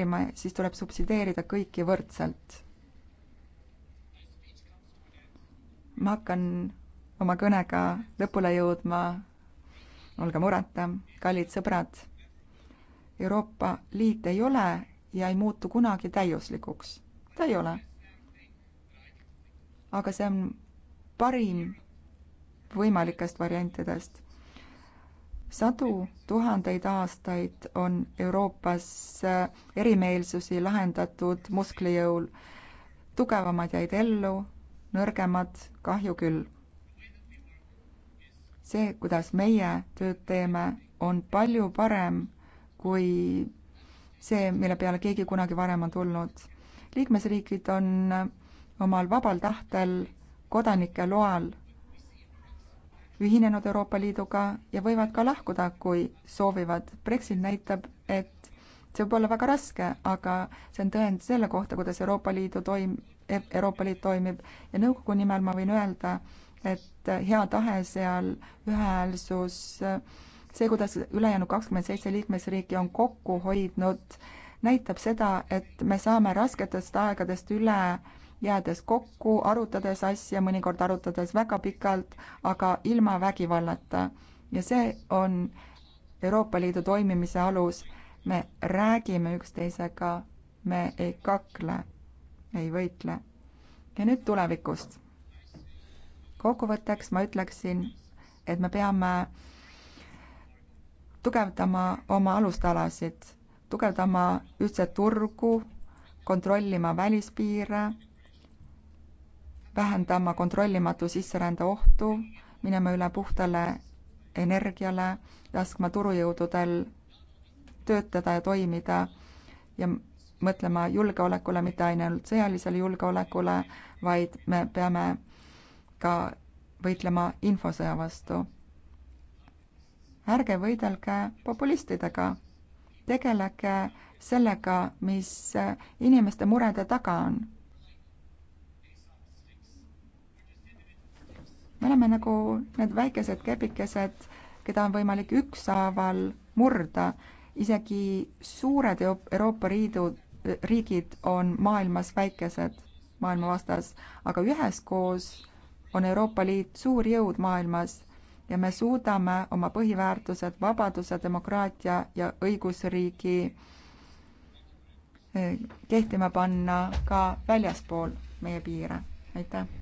räägime, siis tuleb subsideerida kõiki võrdselt. ma hakkan oma kõnega lõpule jõudma. olge mureta, kallid sõbrad. Euroopa Liit ei ole ja ei muutu kunagi täiuslikuks. ta ei ole. aga see on parim võimalikest variantidest sadu tuhandeid aastaid on Euroopas äh, erimeelsusi lahendatud muskli jõul. tugevamad jäid ellu, nõrgemad kahju küll. see, kuidas meie tööd teeme, on palju parem kui see, mille peale keegi kunagi varem on tulnud. liikmesriigid on omal vabal tahtel kodanike loal ühinenud Euroopa Liiduga ja võivad ka lahkuda, kui soovivad. Brexit näitab, et see võib olla väga raske, aga see on tõend selle kohta, kuidas Euroopa Liidu toim-, Euroopa Liit toimib ja nõukogu nimel ma võin öelda, et hea tahe seal, ühehäälsus, see, kuidas ülejäänud kakskümmend seitse liikmesriiki on kokku hoidnud, näitab seda, et me saame rasketest aegadest üle jäädes kokku, arutades asja, mõnikord arutades väga pikalt, aga ilma vägivallata. ja see on Euroopa Liidu toimimise alus. me räägime üksteisega, me ei kakle, ei võitle. ja nüüd tulevikust. kokkuvõtteks ma ütleksin, et me peame tugevdama oma alustalasid, tugevdama ühtset turgu, kontrollima välispiire vähendama kontrollimatu sisserände ohtu, minema üle puhtale energiale, laskma turujõududel töötada ja toimida ja mõtlema julgeolekule, mitte ainult sõjalisele julgeolekule, vaid me peame ka võitlema infosõja vastu. ärge võidelge populistidega, tegelege sellega, mis inimeste murede taga on me oleme nagu need väikesed kepikesed, keda on võimalik ükshaaval murda. isegi suured Euroopa Liidu riigid on maailmas väikesed maailma vastas, aga üheskoos on Euroopa Liit suur jõud maailmas ja me suudame oma põhiväärtused, vabaduse, demokraatia ja õigusriigi eh, kehtima panna ka väljaspool meie piire. aitäh!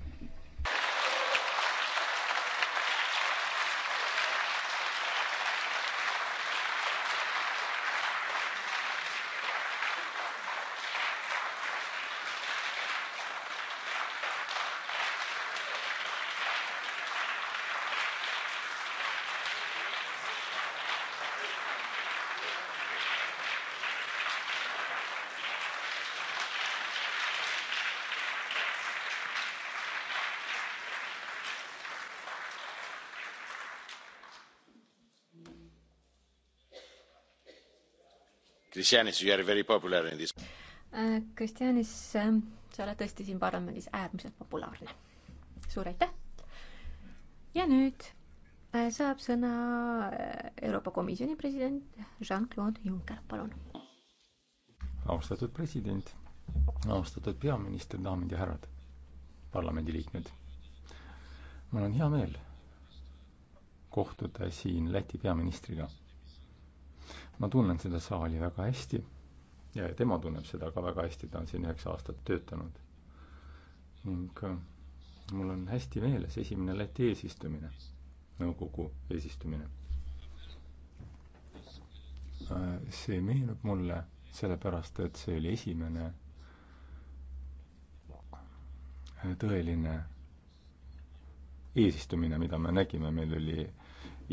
Kristjanis, you are very popular in this. Kristjanis, äh, äh, sa oled tõesti siin parlamendis äärmiselt populaarne. suur aitäh! ja nüüd äh, saab sõna Euroopa Komisjoni president Jean-Claude Juncker, palun. austatud president, austatud peaminister, daamid ja härrad, parlamendiliikmed. mul on hea meel kohtuda siin Läti peaministriga ma tunnen seda saali väga hästi ja tema tunneb seda ka väga hästi, ta on siin üheksa aastat töötanud. ning äh, mul on hästi meeles esimene Läti eesistumine, nõukogu eesistumine. Äh, see meenub mulle sellepärast, et see oli esimene äh, tõeline eesistumine, mida me nägime, meil oli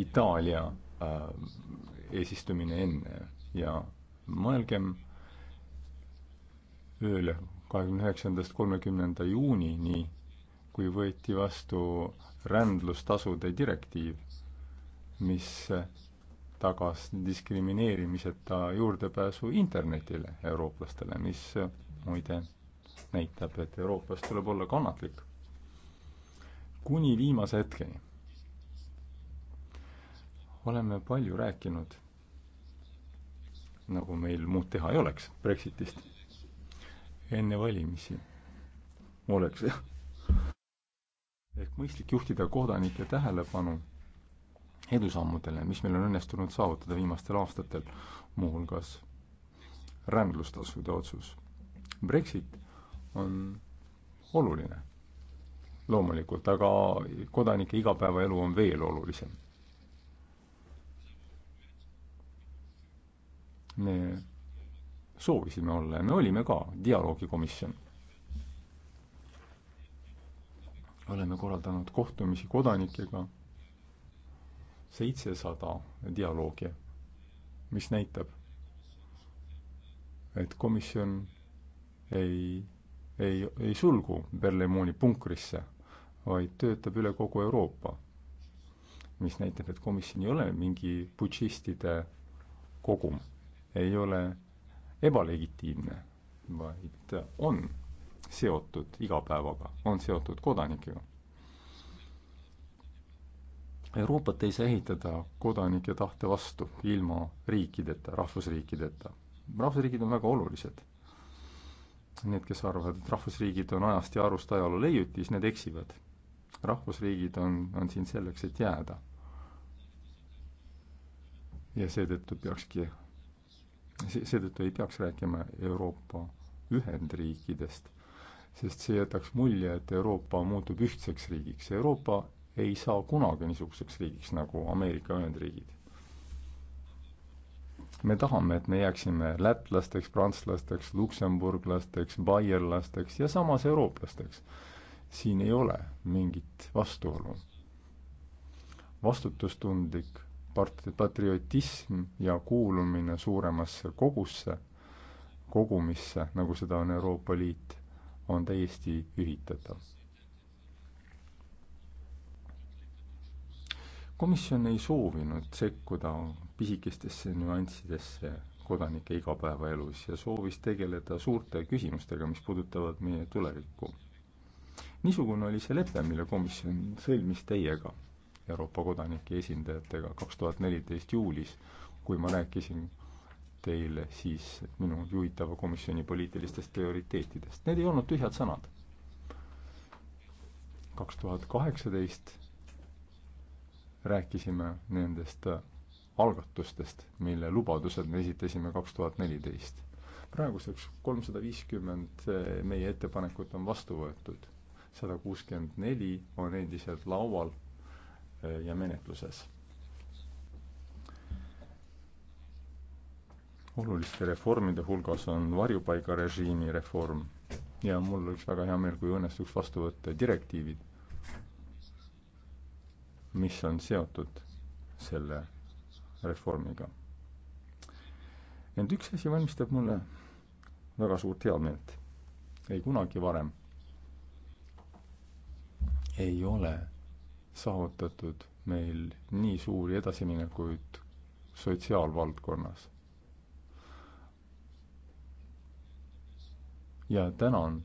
Itaalia äh, eesistumine enne ja mõelgem ööl kahekümne üheksandast kolmekümnenda juunini, kui võeti vastu rändlustasude direktiiv, mis tagas diskrimineerimiseta juurdepääsu internetile eurooplastele, mis muide näitab, et Euroopas tuleb olla kannatlik. kuni viimase hetkeni oleme palju rääkinud, nagu meil muud teha ei oleks, Brexitist enne valimisi. oleks jah. ehk mõistlik juhtida kodanike tähelepanu edusammudele, mis meil on õnnestunud saavutada viimastel aastatel, muuhulgas rändlustasude otsus. Brexit on oluline loomulikult, aga kodanike igapäevaelu on veel olulisem me soovisime olla ja me olime ka dialoogikomisjon. oleme korraldanud kohtumisi kodanikega, seitsesada dialoogi, mis näitab, et komisjon ei, ei, ei sulgu Berlemooni punkrisse, vaid töötab üle kogu Euroopa. mis näitab, et komisjon ei ole mingi putšistide kogum ei ole ebalegitiimne, vaid on seotud igapäevaga, on seotud kodanikega. Euroopat ei saa ehitada kodanike tahte vastu ilma riikideta, rahvusriikideta. rahvusriigid on väga olulised. Need, kes arvavad, et rahvusriigid on ajast ja arust ajaloo leiutis, need eksivad. rahvusriigid on, on siin selleks, et jääda. ja seetõttu peakski seetõttu ei peaks rääkima Euroopa Ühendriikidest, sest see jätaks mulje, et Euroopa muutub ühtseks riigiks. Euroopa ei saa kunagi niisuguseks riigiks nagu Ameerika Ühendriigid. me tahame, et me jääksime lätlasteks, prantslasteks, luksemburglasteks, baierlasteks ja samas eurooplasteks. siin ei ole mingit vastuolu. vastutustundlik part-, patriotism ja kuulumine suuremasse kogusse, kogumisse, nagu seda on Euroopa Liit, on täiesti ühitatav. komisjon ei soovinud sekkuda pisikestesse nüanssidesse kodanike igapäevaelus ja soovis tegeleda suurte küsimustega, mis puudutavad meie tulevikku. niisugune oli see lepe, mille komisjon sõlmis teiega Euroopa kodanike esindajatega kaks tuhat neliteist juulis, kui ma rääkisin teile siis minu juhitava komisjoni poliitilistest prioriteetidest. Need ei olnud tühjad sõnad. kaks tuhat kaheksateist rääkisime nendest algatustest, mille lubadused me esitasime kaks tuhat neliteist. praeguseks kolmsada viiskümmend eh, meie ettepanekut on vastu võetud, sada kuuskümmend neli on endiselt laual Äh, ja menetluses. oluliste reformide hulgas on varjupaigarežiimi reform ja mul oleks väga hea meel, kui õnnestuks vastu võtta direktiivid, mis on seotud selle reformiga. ent üks asi valmistab mulle väga suurt heameelt. ei kunagi varem ei ole saavutatud meil nii suuri edasiminekuid sotsiaalvaldkonnas. ja tänan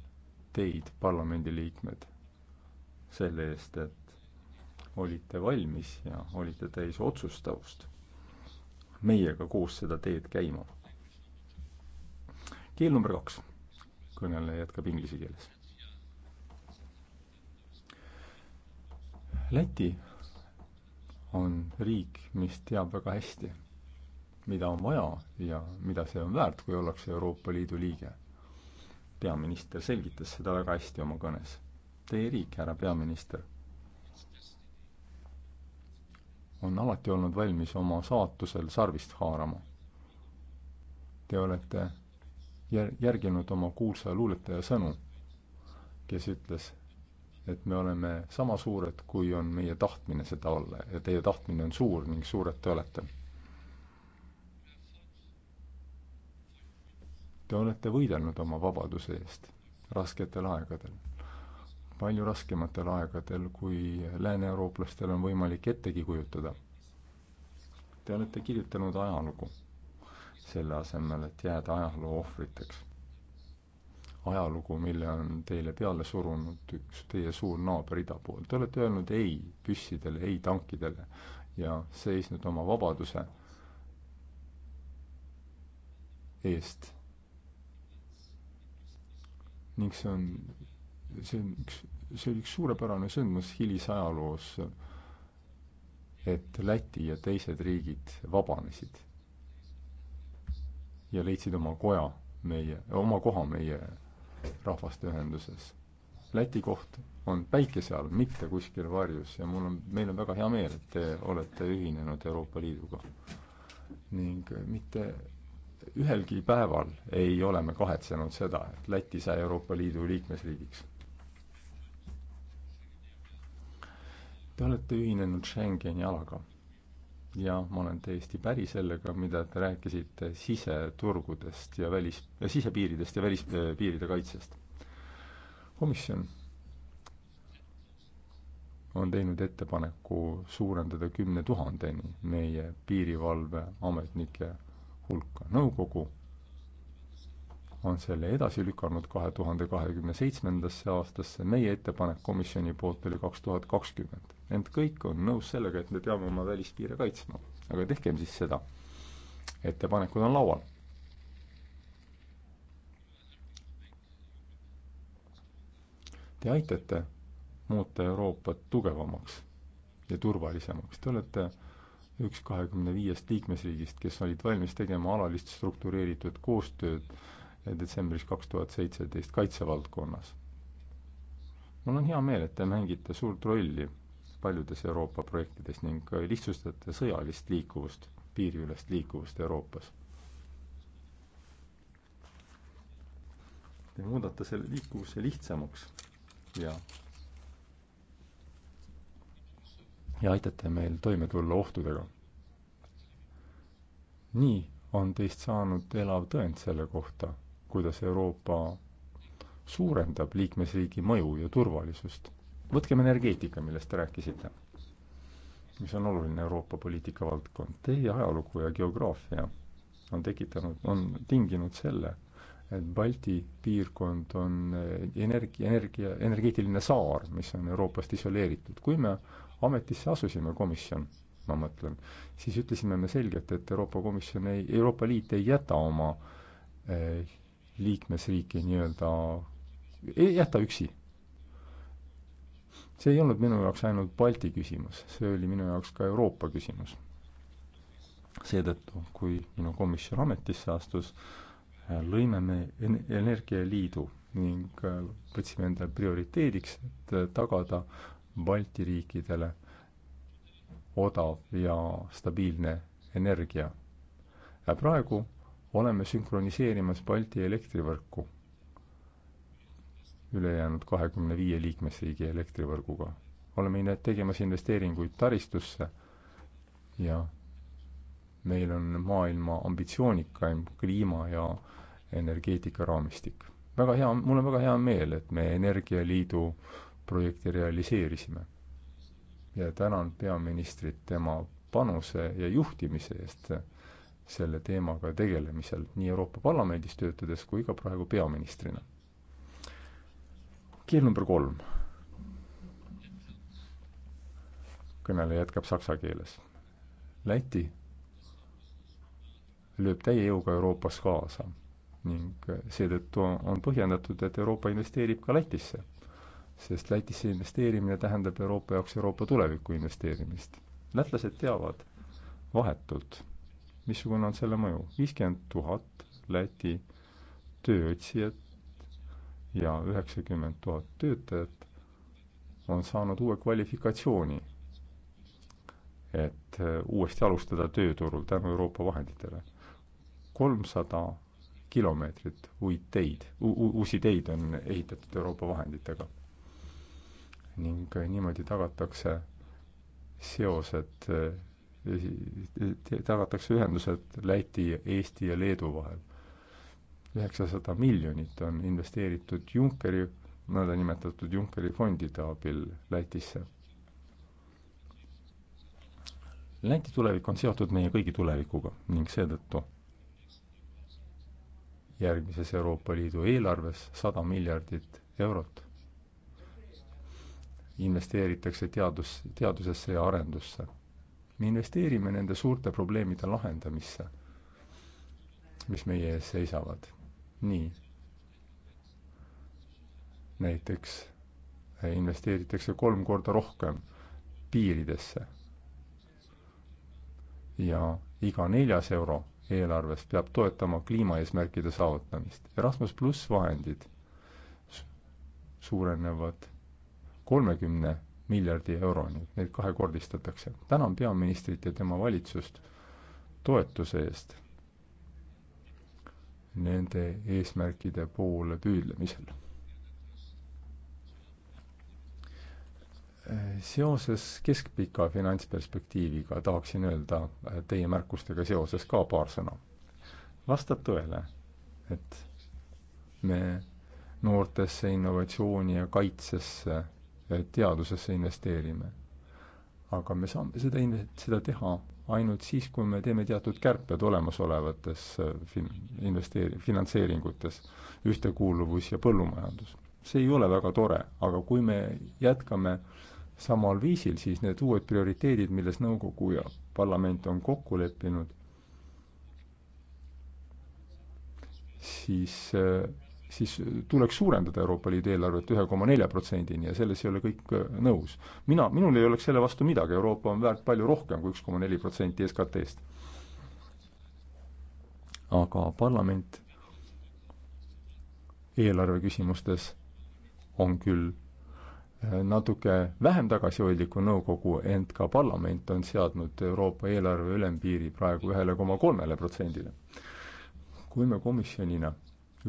teid, parlamendiliikmed, selle eest, et olite valmis ja olite täis otsustavust meiega koos seda teed käima. keel number kaks, kõneleja jätkab inglise keeles. Läti on riik, mis teab väga hästi, mida on vaja ja mida see on väärt, kui ollakse Euroopa Liidu liige. peaminister selgitas seda väga hästi oma kõnes. Teie riik, härra peaminister, on alati olnud valmis oma saatusel sarvist haarama. Te olete jär-, järginud oma kuulsa luuletaja sõnu, kes ütles, et me oleme sama suured, kui on meie tahtmine seda olla ja teie tahtmine on suur ning suured te olete. Te olete võidelnud oma vabaduse eest rasketel aegadel, palju raskematel aegadel, kui lääne-eurooplastel on võimalik ettegi kujutada. Te olete kirjutanud ajalugu, selle asemel, et jääda ajaloo ohvriteks ajalugu, mille on teile peale surunud üks teie suur naaber ida pool. Te olete öelnud ei püssidele, ei tankidele ja seisnud oma vabaduse eest. ning see on, see on üks, see oli üks suurepärane sündmus hilisajaloos, et Läti ja teised riigid vabanesid ja leidsid oma koja meie, oma koha meie rahvaste ühenduses. Läti koht on päikese all, mitte kuskil varjus ja mul on, meil on väga hea meel, et te olete ühinenud Euroopa Liiduga. ning mitte ühelgi päeval ei ole me kahetsenud seda, et Läti sai Euroopa Liidu liikmesriigiks. Te olete ühinenud Schengeni alaga ja ma olen täiesti päri sellega, mida te rääkisite siseturgudest ja välis, sisepiiridest ja välispiiride äh, kaitsest. komisjon on teinud ettepaneku suurendada kümne tuhandeni meie piirivalveametnike hulka. nõukogu on selle edasi lükanud kahe tuhande kahekümne seitsmendasse aastasse, meie ettepanek komisjoni poolt oli kaks tuhat kakskümmend ent kõik on nõus sellega, et me peame oma välispiire kaitsma. aga tehkem siis seda. ettepanekud on laual. Te aitate muuta Euroopat tugevamaks ja turvalisemaks. Te olete üks kahekümne viiest liikmesriigist, kes olid valmis tegema alalist struktureeritud koostööd detsembris kaks tuhat seitseteist kaitsevaldkonnas. mul on hea meel, et te mängite suurt rolli paljudes Euroopa projektides ning lihtsustate sõjalist liikuvust, piiriülest liikuvust Euroopas. Te muudate selle liikuvuse lihtsamaks ja ja aitate meil toime tulla ohtudega. nii on teist saanud elav tõend selle kohta, kuidas Euroopa suurendab liikmesriigi mõju ja turvalisust võtkem energeetika, millest te rääkisite, mis on oluline Euroopa poliitika valdkond. Teie ajalugu ja geograafia on tekitanud, on tinginud selle, et Balti piirkond on eh, energia, energia, energeetiline saar, mis on Euroopast isoleeritud. kui me ametisse asusime, komisjon, ma mõtlen, siis ütlesime me selgelt, et Euroopa Komisjon ei, Euroopa Liit ei jäta oma eh, liikmesriiki nii-öelda, ei jäta üksi see ei olnud minu jaoks ainult Balti küsimus, see oli minu jaoks ka Euroopa küsimus. seetõttu, kui minu komisjon ametisse astus, lõime me Energialiidu ning äh, võtsime endale prioriteediks, et äh, tagada Balti riikidele odav ja stabiilne energia. ja praegu oleme sünkroniseerimas Balti elektrivõrku ülejäänud kahekümne viie liikmesriigi elektrivõrguga. oleme tegemas investeeringuid taristusse ja meil on maailma ambitsioonikaim kliima ja energeetikaraamistik. väga hea, mul on väga hea meel, et me Energialiidu projekti realiseerisime. ja tänan peaministrit tema panuse ja juhtimise eest selle teemaga tegelemisel nii Euroopa Parlamendis töötades kui ka praegu peaministrina keel number kolm. kõneleja jätkab saksa keeles. Läti lööb täie jõuga Euroopas kaasa ning seetõttu on põhjendatud, et Euroopa investeerib ka Lätisse. sest Lätisse investeerimine tähendab Euroopa jaoks Euroopa tulevikku investeerimist. lätlased teavad vahetult, missugune on selle mõju. viiskümmend tuhat Läti tööotsijat ja üheksakümmend tuhat töötajat on saanud uue kvalifikatsiooni, et äh, uuesti alustada tööturul tänu Euroopa vahenditele. kolmsada kilomeetrit uid teid, uusi teid on ehitatud Euroopa vahenditega. ning äh, niimoodi tagatakse seosed, äh, tagatakse ühendused Läti, Eesti ja Leedu vahel üheksasada miljonit on investeeritud Junckeri, nõndanimetatud Junckeri fondide abil Lätisse. Läti tulevik on seotud meie kõigi tulevikuga ning seetõttu järgmises Euroopa Liidu eelarves sada miljardit eurot investeeritakse teadus, teadusesse ja arendusse. me investeerime nende suurte probleemide lahendamisse, mis meie ees seisavad nii. näiteks äh, investeeritakse kolm korda rohkem piiridesse. ja iga neljas euro eelarvest peab toetama kliimaeesmärkide saavutamist. Erasmus pluss vahendid suurenevad kolmekümne miljardi euroni, neid kahekordistatakse. tänan peaministrit ja tema valitsust toetuse eest nende eesmärkide poole püüdlemisel. seoses keskpika finantsperspektiiviga tahaksin öelda teie märkustega seoses ka paar sõna. vastab tõele, et me noortesse innovatsiooni ja kaitsesse, teadusesse investeerime. aga me saame seda, seda teha ainult siis, kui me teeme teatud kärped olemasolevates äh, fin-, investeeri-, finantseeringutes, ühtekuuluvus ja põllumajandus. see ei ole väga tore, aga kui me jätkame samal viisil, siis need uued prioriteedid, milles nõukogu ja parlament on kokku leppinud, siis äh, siis eh, tuleks suurendada Euroopa Liidu eelarvet ühe koma nelja protsendini ja selles ei ole kõik eh, nõus. mina, minul ei oleks selle vastu midagi, Euroopa on väärt palju rohkem kui üks koma neli protsenti SKT-st. aga parlament eelarve küsimustes on küll eh, natuke vähem tagasihoidlik kui nõukogu, ent ka parlament on seadnud Euroopa eelarve ülempiiri praegu ühele koma kolmele protsendile. kui me komisjonina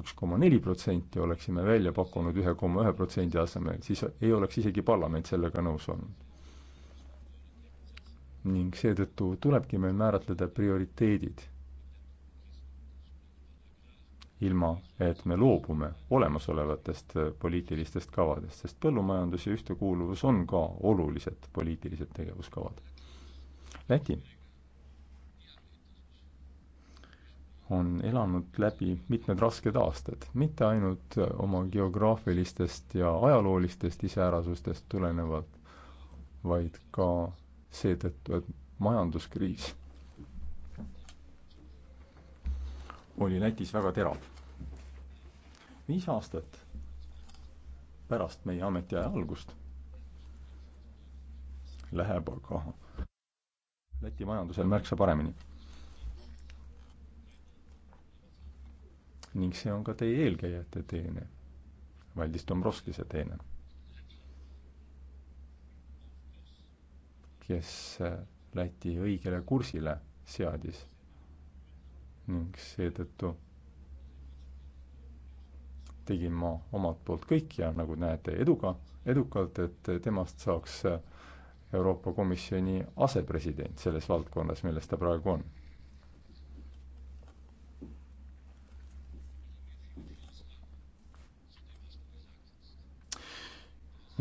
üks koma neli protsenti, oleksime välja pakkunud ühe koma ühe protsendi asemel, siis ei oleks isegi parlament sellega nõus olnud. ning seetõttu tulebki meil määratleda prioriteedid, ilma et me loobume olemasolevatest äh, poliitilistest kavadest, sest põllumajandus ja ühtekuuluvus on ka olulised poliitilised tegevuskavad. Läti on elanud läbi mitmed rasked aastad, mitte ainult oma geograafilistest ja ajaloolistest iseärasustest tulenevalt, vaid ka seetõttu, et majanduskriis oli Lätis väga terav. viis aastat pärast meie ametiaja algust läheb aga Läti majandusel märksa paremini ning see on ka teie eelkäijate teene, Valdis Dombrovskise teene, kes äh, Läti õigele kursile seadis ning seetõttu tegin ma omalt poolt kõik ja nagu näete, eduga, edukalt, et temast saaks äh, Euroopa Komisjoni asepresident selles valdkonnas, milles ta praegu on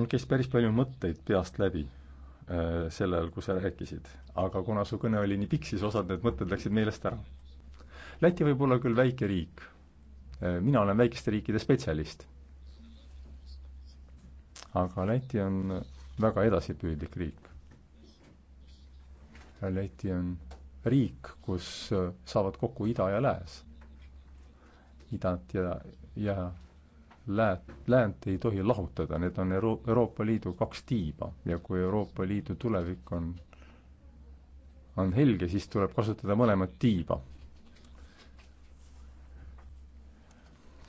mul käis päris palju mõtteid peast läbi äh, sel ajal, kui sa rääkisid. aga kuna su kõne oli nii pikk, siis osad need mõtted läksid meelest ära. Läti võib olla küll väike riik, äh, mina olen väikeste riikide spetsialist. aga Läti on väga edasipüüdlik riik. Läti on riik, kus äh, saavad kokku ida ja lääs. idat ja, ja läänt, läänt ei tohi lahutada, need on Euro-, Euroopa Liidu kaks tiiba ja kui Euroopa Liidu tulevik on, on helge, siis tuleb kasutada mõlemat tiiba.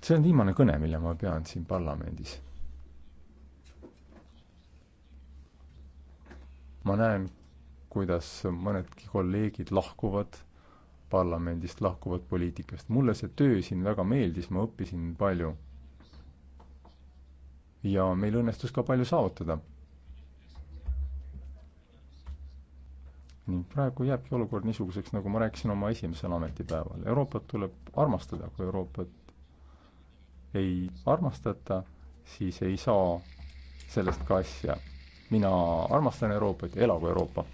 see on viimane kõne, mille ma pean siin parlamendis. ma näen, kuidas mõnedki kolleegid lahkuvad parlamendist, lahkuvad poliitikast. mulle see töö siin väga meeldis, ma õppisin palju ja meil õnnestus ka palju saavutada. ning praegu jääbki olukord niisuguseks, nagu ma rääkisin oma esimesel ametipäeval. Euroopat tuleb armastada, kui Euroopat ei armastata, siis ei saa sellest ka asja. mina armastan Euroopat ja elagu Euroopa!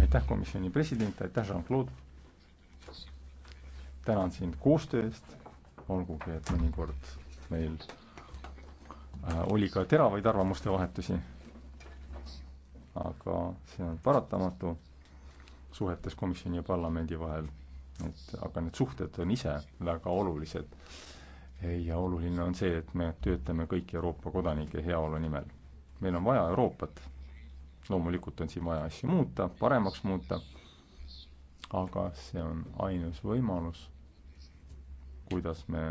aitäh, komisjoni president, aitäh, Jean-Claude. tänan sind koostöö eest, olgugi et mõnikord meil äh, oli ka teravaid arvamuste vahetusi. aga see on paratamatu suhetes komisjoni ja parlamendi vahel. et aga need suhted on ise väga olulised. ja oluline on see, et me töötame kõik Euroopa kodanike heaolu nimel meil on vaja Euroopat. loomulikult on siin vaja asju muuta, paremaks muuta, aga see on ainus võimalus, kuidas me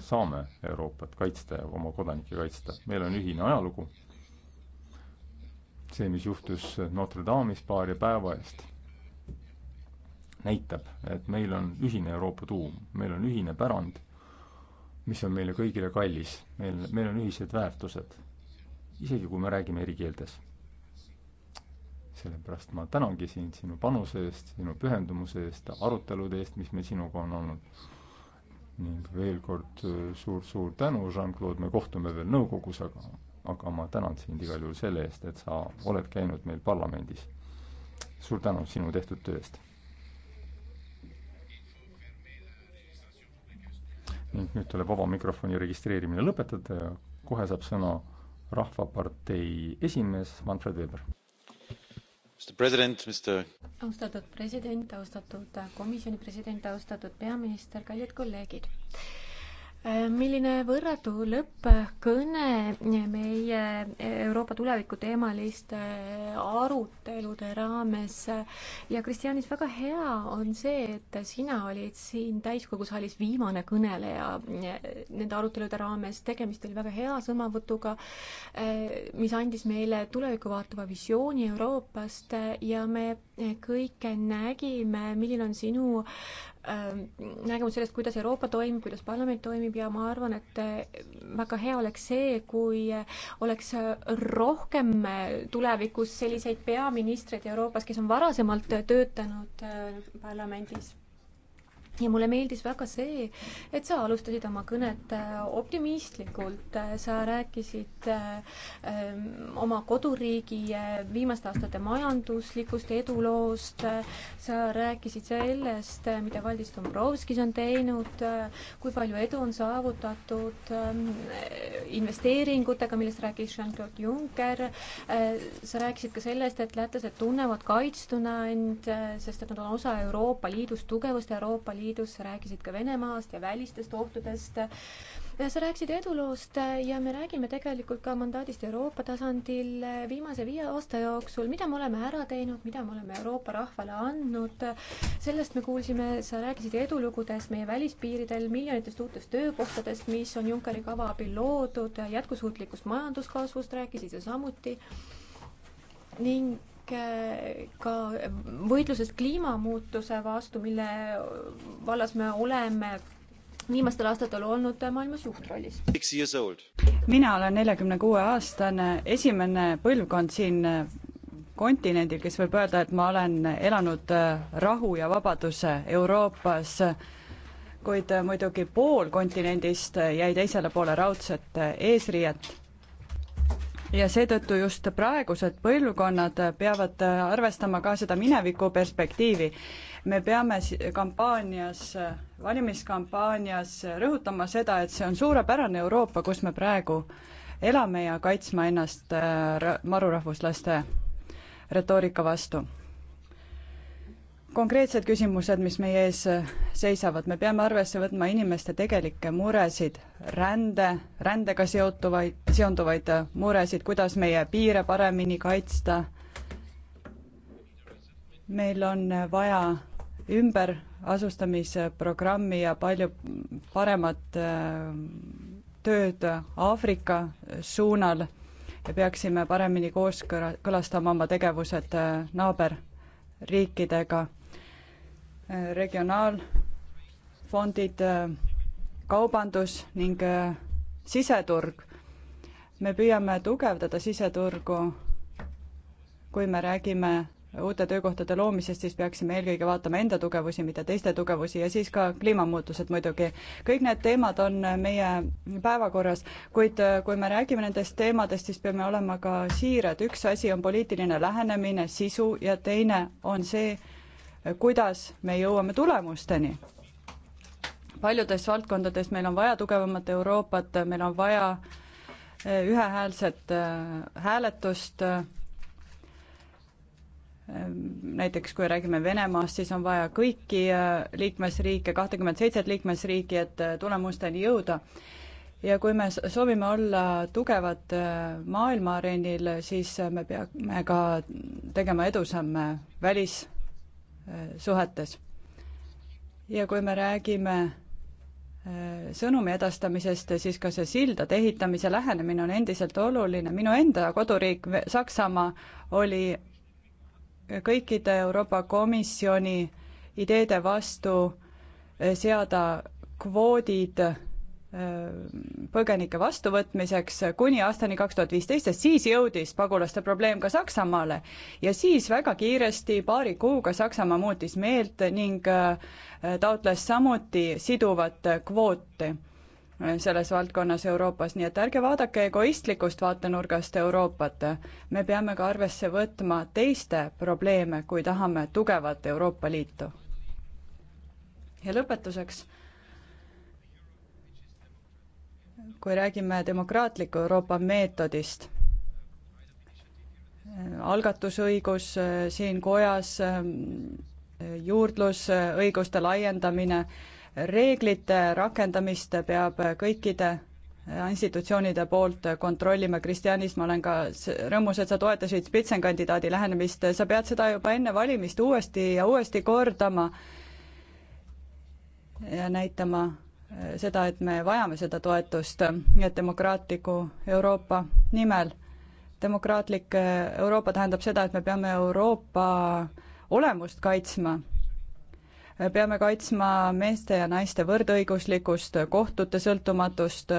saame Euroopat kaitsta ja oma kodanikke kaitsta. meil on ühine ajalugu, see, mis juhtus Notre Dame'is paari päeva eest, näitab, et meil on ühine Euroopa tuum, meil on ühine pärand, mis on meile kõigile kallis, meil, meil on ühised väärtused isegi kui me räägime eri keeltes. sellepärast ma tänangi sind sinu panuse eest, sinu pühendumuse eest, arutelude eest, mis meil sinuga on olnud. ning veel kord suur-suur äh, tänu, Jean-Claude, me kohtume veel nõukogus, aga, aga ma tänan sind igal juhul selle eest, et sa oled käinud meil parlamendis. suur tänu sinu tehtud töö eest ning nüüd tuleb vaba mikrofoni registreerimine lõpetada ja kohe saab sõna rahvapartei esimees Manfred Weber. austatud president, austatud komisjoni president, austatud peaminister, kallid kolleegid milline võrratu lõppkõne meie Euroopa tuleviku teemaliste arutelude raames. ja Kristjanis, väga hea on see, et sina olid siin täiskogu saalis viimane kõneleja nende arutelude raames. tegemist oli väga hea sõnavõtuga, mis andis meile tulevikku vaatava visiooni Euroopast ja me kõik nägime, milline on sinu Ähm, nägemus sellest, kuidas Euroopa toimib, kuidas parlament toimib ja ma arvan, et äh, väga hea oleks see, kui äh, oleks äh, rohkem tulevikus selliseid peaministreid Euroopas, kes on varasemalt töötanud parlamendis ja mulle meeldis väga see, et sa alustasid oma kõnet äh, optimistlikult, äh, sa rääkisid äh, ähm, oma koduriigi äh, viimaste aastate majanduslikust eduloost, sa rääkisid sellest, mida Valdis Dombrovskis on teinud, kui palju edu on saavutatud äh, investeeringutega, millest rääkis Jean-Claude Juncker äh,, sa rääkisid ka sellest, et lätlased tunnevad kaitstuna end, sest et nad on osa Euroopa Liidust, tugevast Euroopa Liidust, Liidus, sa rääkisid ka Venemaast ja välistest ohtudest. sa rääkisid eduloost ja me räägime tegelikult ka mandaadist Euroopa tasandil viimase viie aasta jooksul, mida me oleme ära teinud, mida me oleme Euroopa rahvale andnud. sellest me kuulsime, sa rääkisid edulugudest meie välispiiridel, miljonitest uutest töökohtadest, mis on Junckeri kava abil loodud, jätkusuutlikust majanduskasvust rääkisid sa samuti ning Äh, ka võitluses kliimamuutuse vastu, mille vallas me oleme viimastel aastatel olnud maailmas juhtrollis. mina olen neljakümne kuue aastane, esimene põlvkond siin äh, kontinendil, kes võib öelda, et ma olen elanud äh, rahu ja vabaduse Euroopas, kuid muidugi pool kontinendist jäi teisele poole raudset eesriiet ja seetõttu just praegused põlvkonnad peavad arvestama ka seda mineviku perspektiivi. me peame kampaanias, valimiskampaanias rõhutama seda, et see on suurepärane Euroopa, kus me praegu elame ja kaitsma ennast äh, marurahvuslaste retoorika vastu konkreetsed küsimused, mis meie ees seisavad, me peame arvesse võtma inimeste tegelikke muresid, rände, rändega seotuvaid, seonduvaid muresid, kuidas meie piire paremini kaitsta. meil on vaja ümberasustamisprogrammi ja palju paremat äh, tööd Aafrika suunal ja peaksime paremini kooskõlastama oma tegevused äh, naaberriikidega Äh, regionaalfondid, äh, kaubandus ning äh, siseturg. me püüame tugevdada siseturgu. kui me räägime uute töökohtade loomisest, siis peaksime eelkõige vaatama enda tugevusi, mitte teiste tugevusi ja siis ka kliimamuutused muidugi. kõik need teemad on meie päevakorras, kuid kui me räägime nendest teemadest, siis peame olema ka siired. üks asi on poliitiline lähenemine, sisu ja teine on see, kuidas me jõuame tulemusteni. paljudes valdkondades meil on vaja tugevamat Euroopat, meil on vaja eh, ühehäälset eh, hääletust eh, näiteks kui räägime Venemaast, siis on vaja kõiki liikmesriike, kahtekümmet seitset liikmesriiki, et tulemusteni jõuda. ja kui me soovime olla tugevad maailma areenil, siis me peame ka tegema edusamme välis- suhetes. ja kui me räägime äh, sõnumi edastamisest, siis ka see sildade ehitamise lähenemine on endiselt oluline, minu enda koduriik Saksamaa oli kõikide Euroopa Komisjoni ideede vastu äh, seada kvoodid põgenike vastuvõtmiseks kuni aastani kaks tuhat viisteist, sest siis jõudis pagulaste probleem ka Saksamaale. ja siis väga kiiresti, paari kuuga Saksamaa muutis meelt ning äh, taotles samuti siduvat kvooti äh, selles valdkonnas Euroopas, nii et ärge vaadake egoistlikust vaatenurgast Euroopat. me peame ka arvesse võtma teiste probleeme, kui tahame tugevat Euroopa Liitu. ja lõpetuseks kui räägime demokraatliku Euroopa meetodist, algatusõigus äh, siin kojas, äh, juurdlusõiguste laiendamine, reeglite rakendamist peab kõikide äh, institutsioonide poolt kontrollima, Kristjanist ma olen ka rõõmus, et sa toetasid spitsenkandidaadi lähenemist, sa pead seda juba enne valimist uuesti ja uuesti kordama ja näitama Äh, seda, et me vajame seda toetust demokraatliku Euroopa nimel. demokraatlik äh, Euroopa tähendab seda, et me peame Euroopa olemust kaitsma. Äh, peame kaitsma meeste ja naiste võrdõiguslikkust, kohtute sõltumatust,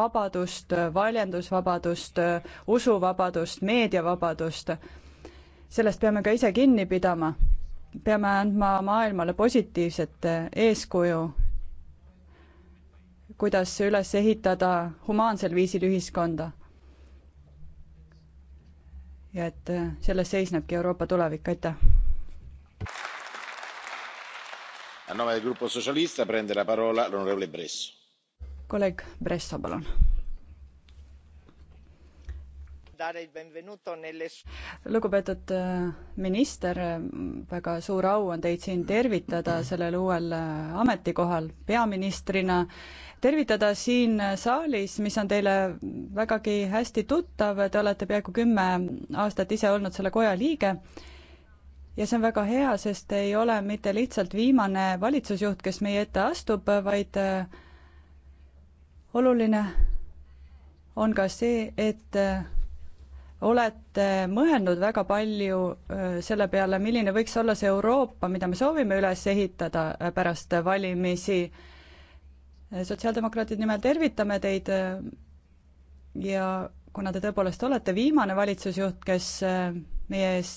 vabadust, väljendusvabadust, usuvabadust, meediavabadust. sellest peame ka ise kinni pidama. peame andma maailmale positiivset eeskuju kuidas üles ehitada humaansel viisil ühiskonda. ja et äh, selles seisnebki Euroopa tulevik, aitäh. kolleeg Bresso, palun lugupeetud äh, minister, väga suur au on teid siin tervitada sellel uuel äh, ametikohal peaministrina, tervitada siin saalis, mis on teile vägagi hästi tuttav, te olete peaaegu kümme aastat ise olnud selle koja liige ja see on väga hea, sest ei ole mitte lihtsalt viimane valitsusjuht, kes meie ette astub, vaid äh, oluline on ka see, et olete mõelnud väga palju äh, selle peale, milline võiks olla see Euroopa, mida me soovime üles ehitada äh, pärast valimisi. Äh, sotsiaaldemokraatide nimel tervitame teid ja kuna te tõepoolest olete viimane valitsusjuht, kes meie ees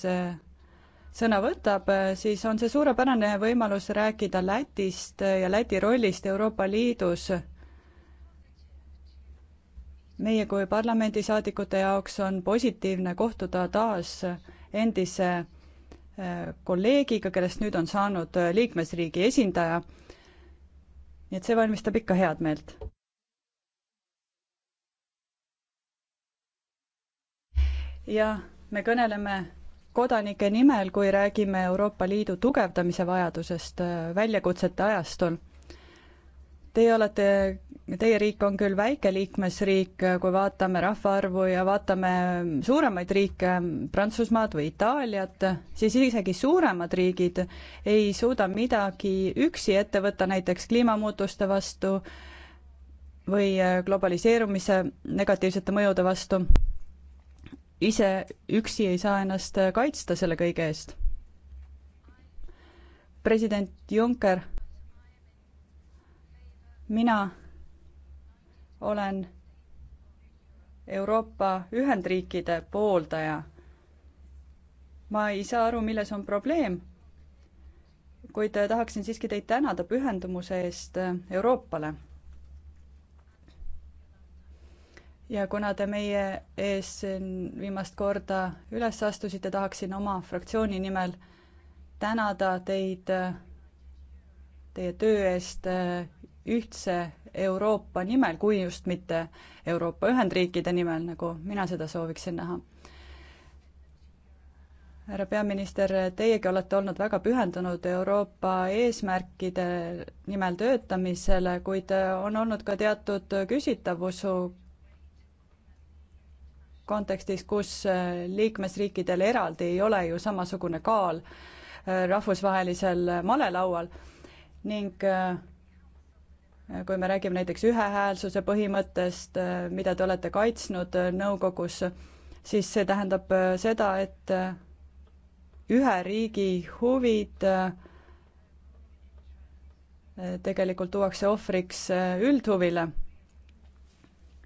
sõna võtab, siis on see suurepärane võimalus rääkida Lätist ja Läti rollist Euroopa Liidus meie kui parlamendisaadikute jaoks on positiivne kohtuda taas endise äh, kolleegiga, kellest nüüd on saanud äh, liikmesriigi esindaja. nii et see valmistab ikka head meelt. ja me kõneleme kodanike nimel, kui räägime Euroopa Liidu tugevdamise vajadusest äh, väljakutsete ajastul Teie olete, teie riik on küll väike liikmesriik, kui vaatame rahvaarvu ja vaatame suuremaid riike, Prantsusmaad või Itaaliat, siis isegi suuremad riigid ei suuda midagi üksi ette võtta näiteks kliimamuutuste vastu või globaliseerumise negatiivsete mõjude vastu. ise üksi ei saa ennast kaitsta selle kõige eest. president Juncker mina olen Euroopa Ühendriikide pooldaja. ma ei saa aru, milles on probleem, kuid tahaksin siiski teid tänada pühendumuse eest Euroopale. ja kuna te meie ees siin viimast korda üles astusite, tahaksin oma fraktsiooni nimel tänada teid teie töö eest ühtse Euroopa nimel, kui just mitte Euroopa Ühendriikide nimel, nagu mina seda sooviksin näha. härra peaminister, teiegi olete olnud väga pühendunud Euroopa eesmärkide nimel töötamisele, kuid on olnud ka teatud küsitavusu kontekstis, kus liikmesriikidel eraldi ei ole ju samasugune kaal rahvusvahelisel malelaual ning äh, kui me räägime näiteks ühehäälsuse põhimõttest, mida te olete kaitsnud nõukogus, siis see tähendab äh, seda, et äh, ühe riigi huvid äh, tegelikult tuuakse ohvriks üldhuvile.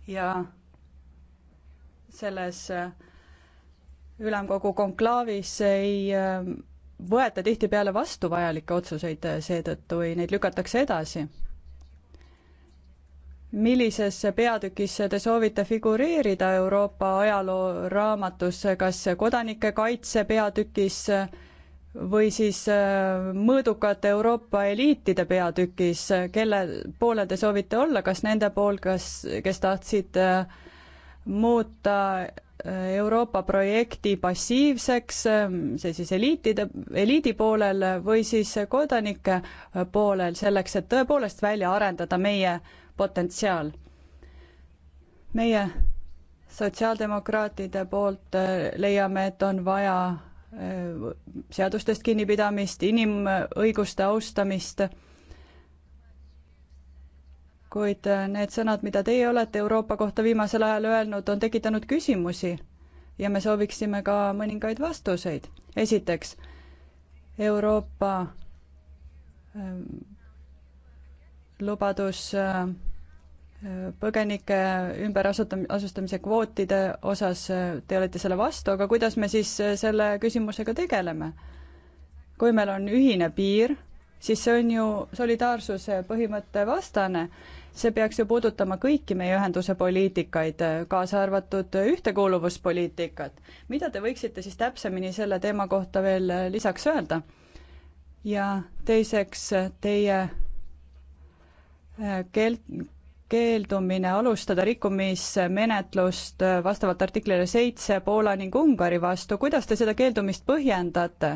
ja selles ülemkogu konklaavis ei võeta tihtipeale vastu vajalikke otsuseid seetõttu või neid lükatakse edasi millises peatükis te soovite figureerida Euroopa ajalooraamatus, kas kodanike kaitse peatükis või siis äh, mõõdukate Euroopa eliitide peatükis, kelle poole te soovite olla, kas nende pool, kas, kes tahtsid äh, muuta äh, Euroopa projekti passiivseks, see siis eliitide, eliidi poolel või siis kodanike poolel, selleks et tõepoolest välja arendada meie potentsiaal. meie sotsiaaldemokraatide poolt äh, leiame, et on vaja äh, seadustest kinnipidamist, inimõiguste austamist, kuid äh, need sõnad, mida teie olete Euroopa kohta viimasel ajal öelnud, on tekitanud küsimusi ja me sooviksime ka mõningaid vastuseid. esiteks, Euroopa ähm, lubadus äh, põgenike ümberasutam-, asustamise kvootide osas äh, te olete selle vastu, aga kuidas me siis äh, selle küsimusega tegeleme? kui meil on ühine piir, siis see on ju solidaarsuse põhimõtte vastane. see peaks ju puudutama kõiki meie ühenduse poliitikaid, äh, kaasa arvatud ühtekuuluvuspoliitikat. mida te võiksite siis täpsemini selle teema kohta veel lisaks öelda? ja teiseks, teie keelt, keeldumine alustada rikkumismenetlust vastavalt artiklile seitse Poola ning Ungari vastu, kuidas te seda keeldumist põhjendate?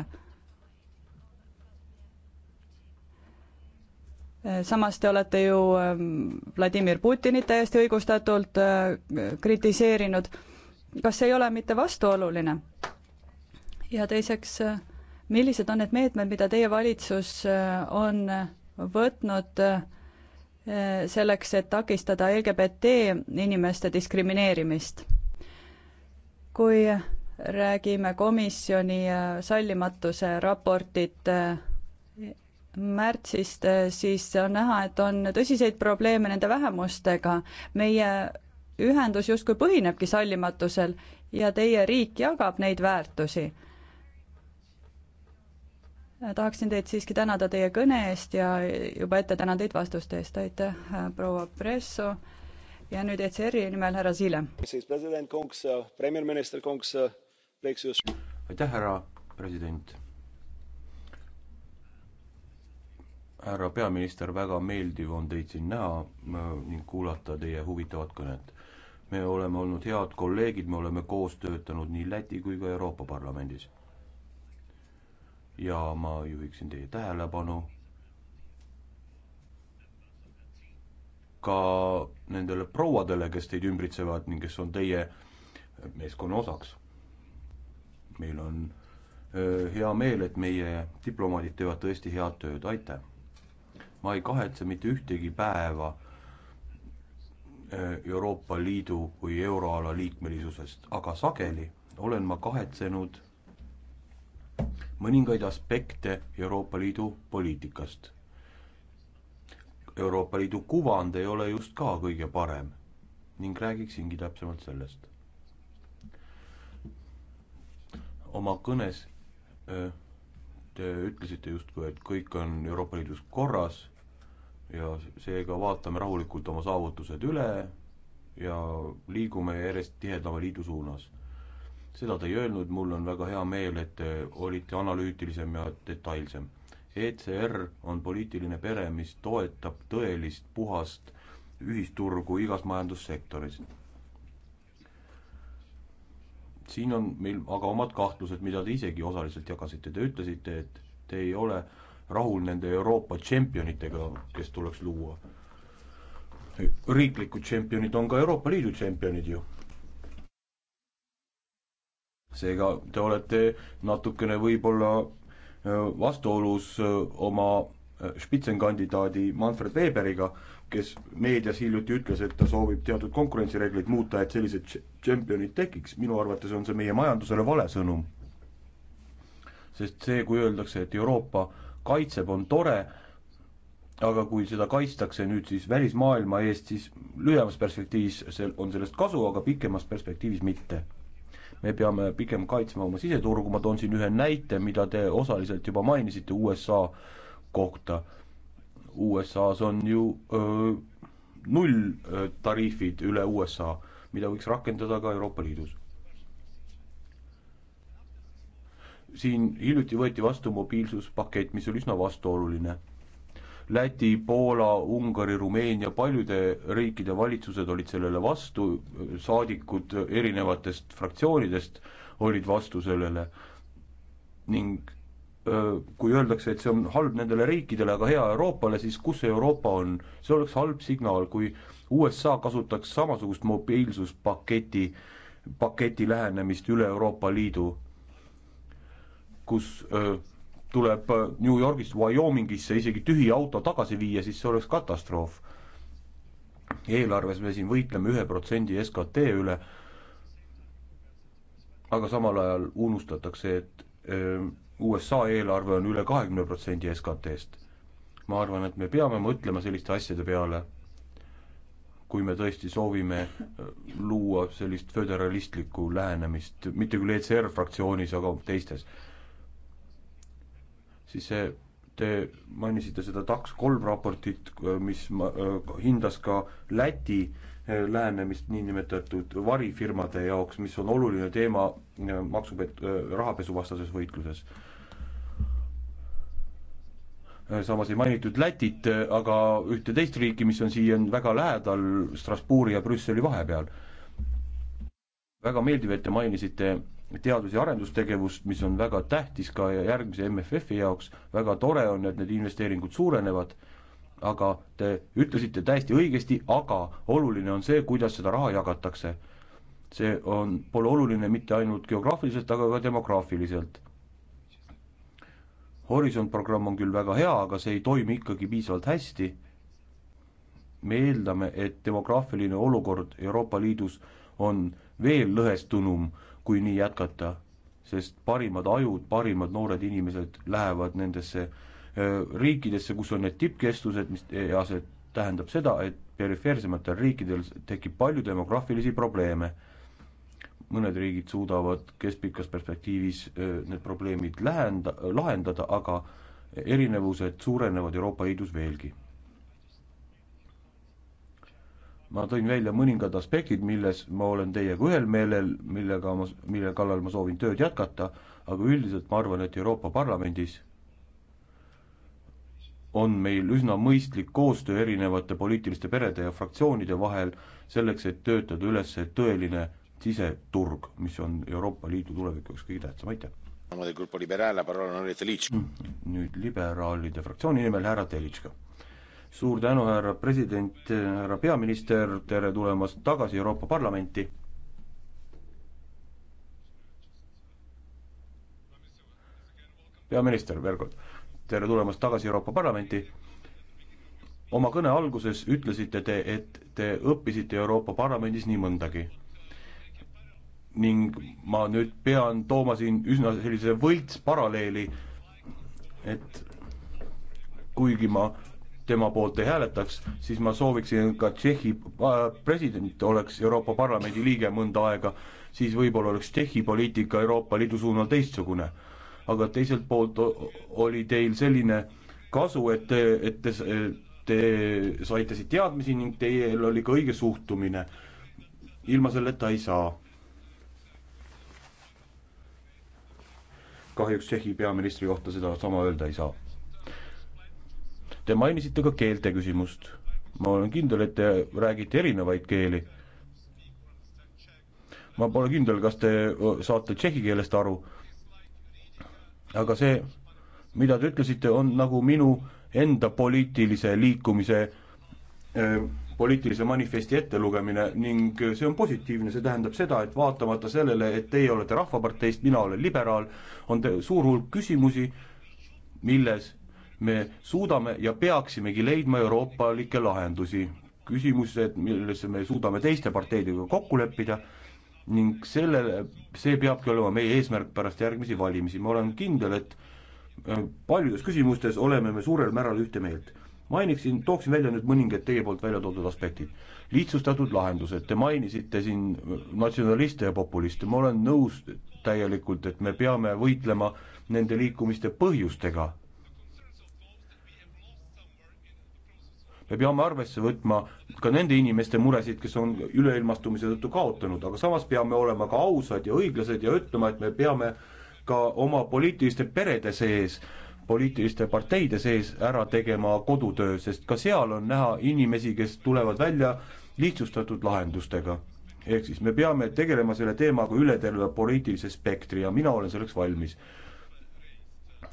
samas te olete ju ähm, Vladimir Putinit täiesti õigustatult äh, kritiseerinud. kas see ei ole mitte vastuoluline? ja teiseks, äh, millised on need meetmed, mida teie valitsus äh, on võtnud äh, selleks, et takistada LGBT inimeste diskrimineerimist. kui räägime komisjoni äh, sallimatuse raportit äh, märtsist, äh, siis on näha, et on tõsiseid probleeme nende vähemustega. meie ühendus justkui põhinebki sallimatusel ja teie riik jagab neid väärtusi tahaksin teid siiski tänada teie kõne eest ja juba ette tänan teid vastuste eest, aitäh, proua Presso. ja nüüd ECR-i nimel härra Ziile. aitäh, härra president. härra peaminister, väga meeldiv on teid siin näha äh, ning kuulata teie huvitavat kõnet. me oleme olnud head kolleegid, me oleme koos töötanud nii Läti kui ka Euroopa Parlamendis ja ma juhiksin teie tähelepanu ka nendele prouadele, kes teid ümbritsevad ning kes on teie meeskonna osaks. meil on öö, hea meel, et meie diplomaadid teevad tõesti head tööd, aitäh! ma ei kahetse mitte ühtegi päeva Euroopa Liidu või euroala liikmelisusest, aga sageli olen ma kahetsenud mõningaid aspekte Euroopa Liidu poliitikast. Euroopa Liidu kuvand ei ole just ka kõige parem ning räägiksingi täpsemalt sellest. oma kõnes öö, te ütlesite justkui, et kõik on Euroopa Liidus korras ja seega vaatame rahulikult oma saavutused üle ja liigume järjest tihedama liidu suunas seda te ei öelnud, mul on väga hea meel, et te olite analüütilisem ja detailsem. ECR on poliitiline pere, mis toetab tõelist puhast ühisturgu igas majandussektoris. siin on meil aga omad kahtlused, mida te isegi osaliselt jagasite, te ütlesite, et te ei ole rahul nende Euroopa tšempionitega, kes tuleks luua. riiklikud tšempionid on ka Euroopa Liidu tšempionid ju seega te olete natukene võib-olla äh, vastuolus äh, oma äh, spitsenkandidaadi Manfred Weberiga, kes meedias hiljuti ütles, et ta soovib teatud konkurentsireegleid muuta, et sellised tšempionid tekiks, minu arvates on see meie majandusele vale sõnum. sest see, kui öeldakse, et Euroopa kaitseb, on tore, aga kui seda kaitstakse nüüd siis välismaailma eest, siis lühemas perspektiivis sel-, on sellest kasu, aga pikemas perspektiivis mitte me peame pigem kaitsma oma siseturgu, ma toon siin ühe näite, mida te osaliselt juba mainisite USA kohta. USA-s on ju öö, null tariifid üle USA, mida võiks rakendada ka Euroopa Liidus. siin hiljuti võeti vastu mobiilsuspakett, mis oli üsna vastuoluline Läti, Poola, Ungari, Rumeenia, paljude riikide valitsused olid sellele vastu, saadikud erinevatest fraktsioonidest olid vastu sellele ning kui öeldakse, et see on halb nendele riikidele, aga hea Euroopale, siis kus see Euroopa on? see oleks halb signaal, kui USA kasutaks samasugust mobiilsuspaketi, paketi lähenemist üle Euroopa Liidu, kus öö, tuleb äh, New Yorgist Wyomingisse isegi tühi auto tagasi viia, siis see oleks katastroof. eelarves me siin võitleme ühe protsendi SKT üle, aga samal ajal unustatakse, et öö, äh, USA eelarve on üle kahekümne protsendi SKT-st. SKT ma arvan, et me peame mõtlema selliste asjade peale, kui me tõesti soovime äh, luua sellist föderalistlikku lähenemist, mitte küll ECR fraktsioonis, aga teistes siis see, te mainisite seda taks kolm raportit, mis ma, äh, hindas ka Läti äh, lähenemist niinimetatud varifirmade jaoks, mis on oluline teema äh, maksupet-, rahapesuvastases võitluses. samas ei mainitud Lätit, aga ühte teist riiki, mis on siin väga lähedal Strasbourgi ja Brüsseli vahepeal. väga meeldiv, et te mainisite teadus- ja arendustegevust, mis on väga tähtis ka järgmise MFF-i jaoks, väga tore on, et need investeeringud suurenevad, aga te ütlesite täiesti õigesti, aga oluline on see, kuidas seda raha jagatakse. see on, pole oluline mitte ainult geograafiliselt, aga ka demograafiliselt. Horisont programm on küll väga hea, aga see ei toimi ikkagi piisavalt hästi, me eeldame, et demograafiline olukord Euroopa Liidus on veel lõhestunum kui nii jätkata, sest parimad ajud, parimad noored inimesed lähevad nendesse riikidesse, kus on need tippkestused, mis ja see tähendab seda, et perifeersematel riikidel tekib palju demograafilisi probleeme. mõned riigid suudavad keskpikas perspektiivis need probleemid lähenda, lahendada, aga erinevused suurenevad Euroopa Liidus veelgi ma tõin välja mõningad aspektid, milles ma olen teiega ühel meelel, millega ma, mille kallal ma soovin tööd jätkata, aga üldiselt ma arvan, et Euroopa Parlamendis on meil üsna mõistlik koostöö erinevate poliitiliste perede ja fraktsioonide vahel selleks, et töötada üles tõeline siseturg, mis on Euroopa Liidu tuleviku jaoks kõige tähtsam, aitäh! nüüd liberaalide fraktsiooni nimel härra Telitška suur tänu, härra president, härra peaminister, tere tulemast tagasi Euroopa Parlamenti. peaminister, veel kord, tere tulemast tagasi Euroopa Parlamenti. oma kõne alguses ütlesite te, et te õppisite Euroopa Parlamendis nii mõndagi ning ma nüüd pean tooma siin üsna sellise võltsparalleeli, et kuigi ma tema poolt ei hääletaks, siis ma sooviksin ka Tšehhi äh, president oleks Euroopa Parlamendi liige mõnda aega, siis võib-olla oleks Tšehhi poliitika Euroopa Liidu suunal teistsugune. aga teiselt poolt oli teil selline kasu, et te, et te, te saite siit teadmisi ning teil oli ka õige suhtumine. ilma selleta ei saa. kahjuks Tšehhi peaministri kohta seda sama öelda ei saa Te mainisite ka keelte küsimust. ma olen kindel, et te räägite erinevaid keeli. ma pole kindel, kas te saate tšehhi keelest aru, aga see, mida te ütlesite, on nagu minu enda poliitilise liikumise äh, poliitilise manifesti ettelugemine ning see on positiivne, see tähendab seda, et vaatamata sellele, et teie olete Rahvaparteist, mina olen liberaal, on te suur hulk küsimusi, milles me suudame ja peaksimegi leidma euroopalikke lahendusi, küsimused, millesse me suudame teiste parteidega kokku leppida ning sellele, see peabki olema meie eesmärk pärast järgmisi valimisi, ma olen kindel, et äh, paljudes küsimustes oleme me suurel määral ühte meelt. mainiksin, tooksin välja nüüd mõningad teie poolt välja toodud aspektid. lihtsustatud lahendused, te mainisite siin äh, natsionaliste ja populiste, ma olen nõus täielikult, et me peame võitlema nende liikumiste põhjustega me peame arvesse võtma ka nende inimeste muresid, kes on üleilmastumise tõttu kaotanud, aga samas peame olema ka ausad ja õiglased ja ütlema, et me peame ka oma poliitiliste perede sees, poliitiliste parteide sees ära tegema kodutöö, sest ka seal on näha inimesi, kes tulevad välja lihtsustatud lahendustega. ehk siis me peame tegelema selle teemaga üle terve poliitilise spektri ja mina olen selleks valmis.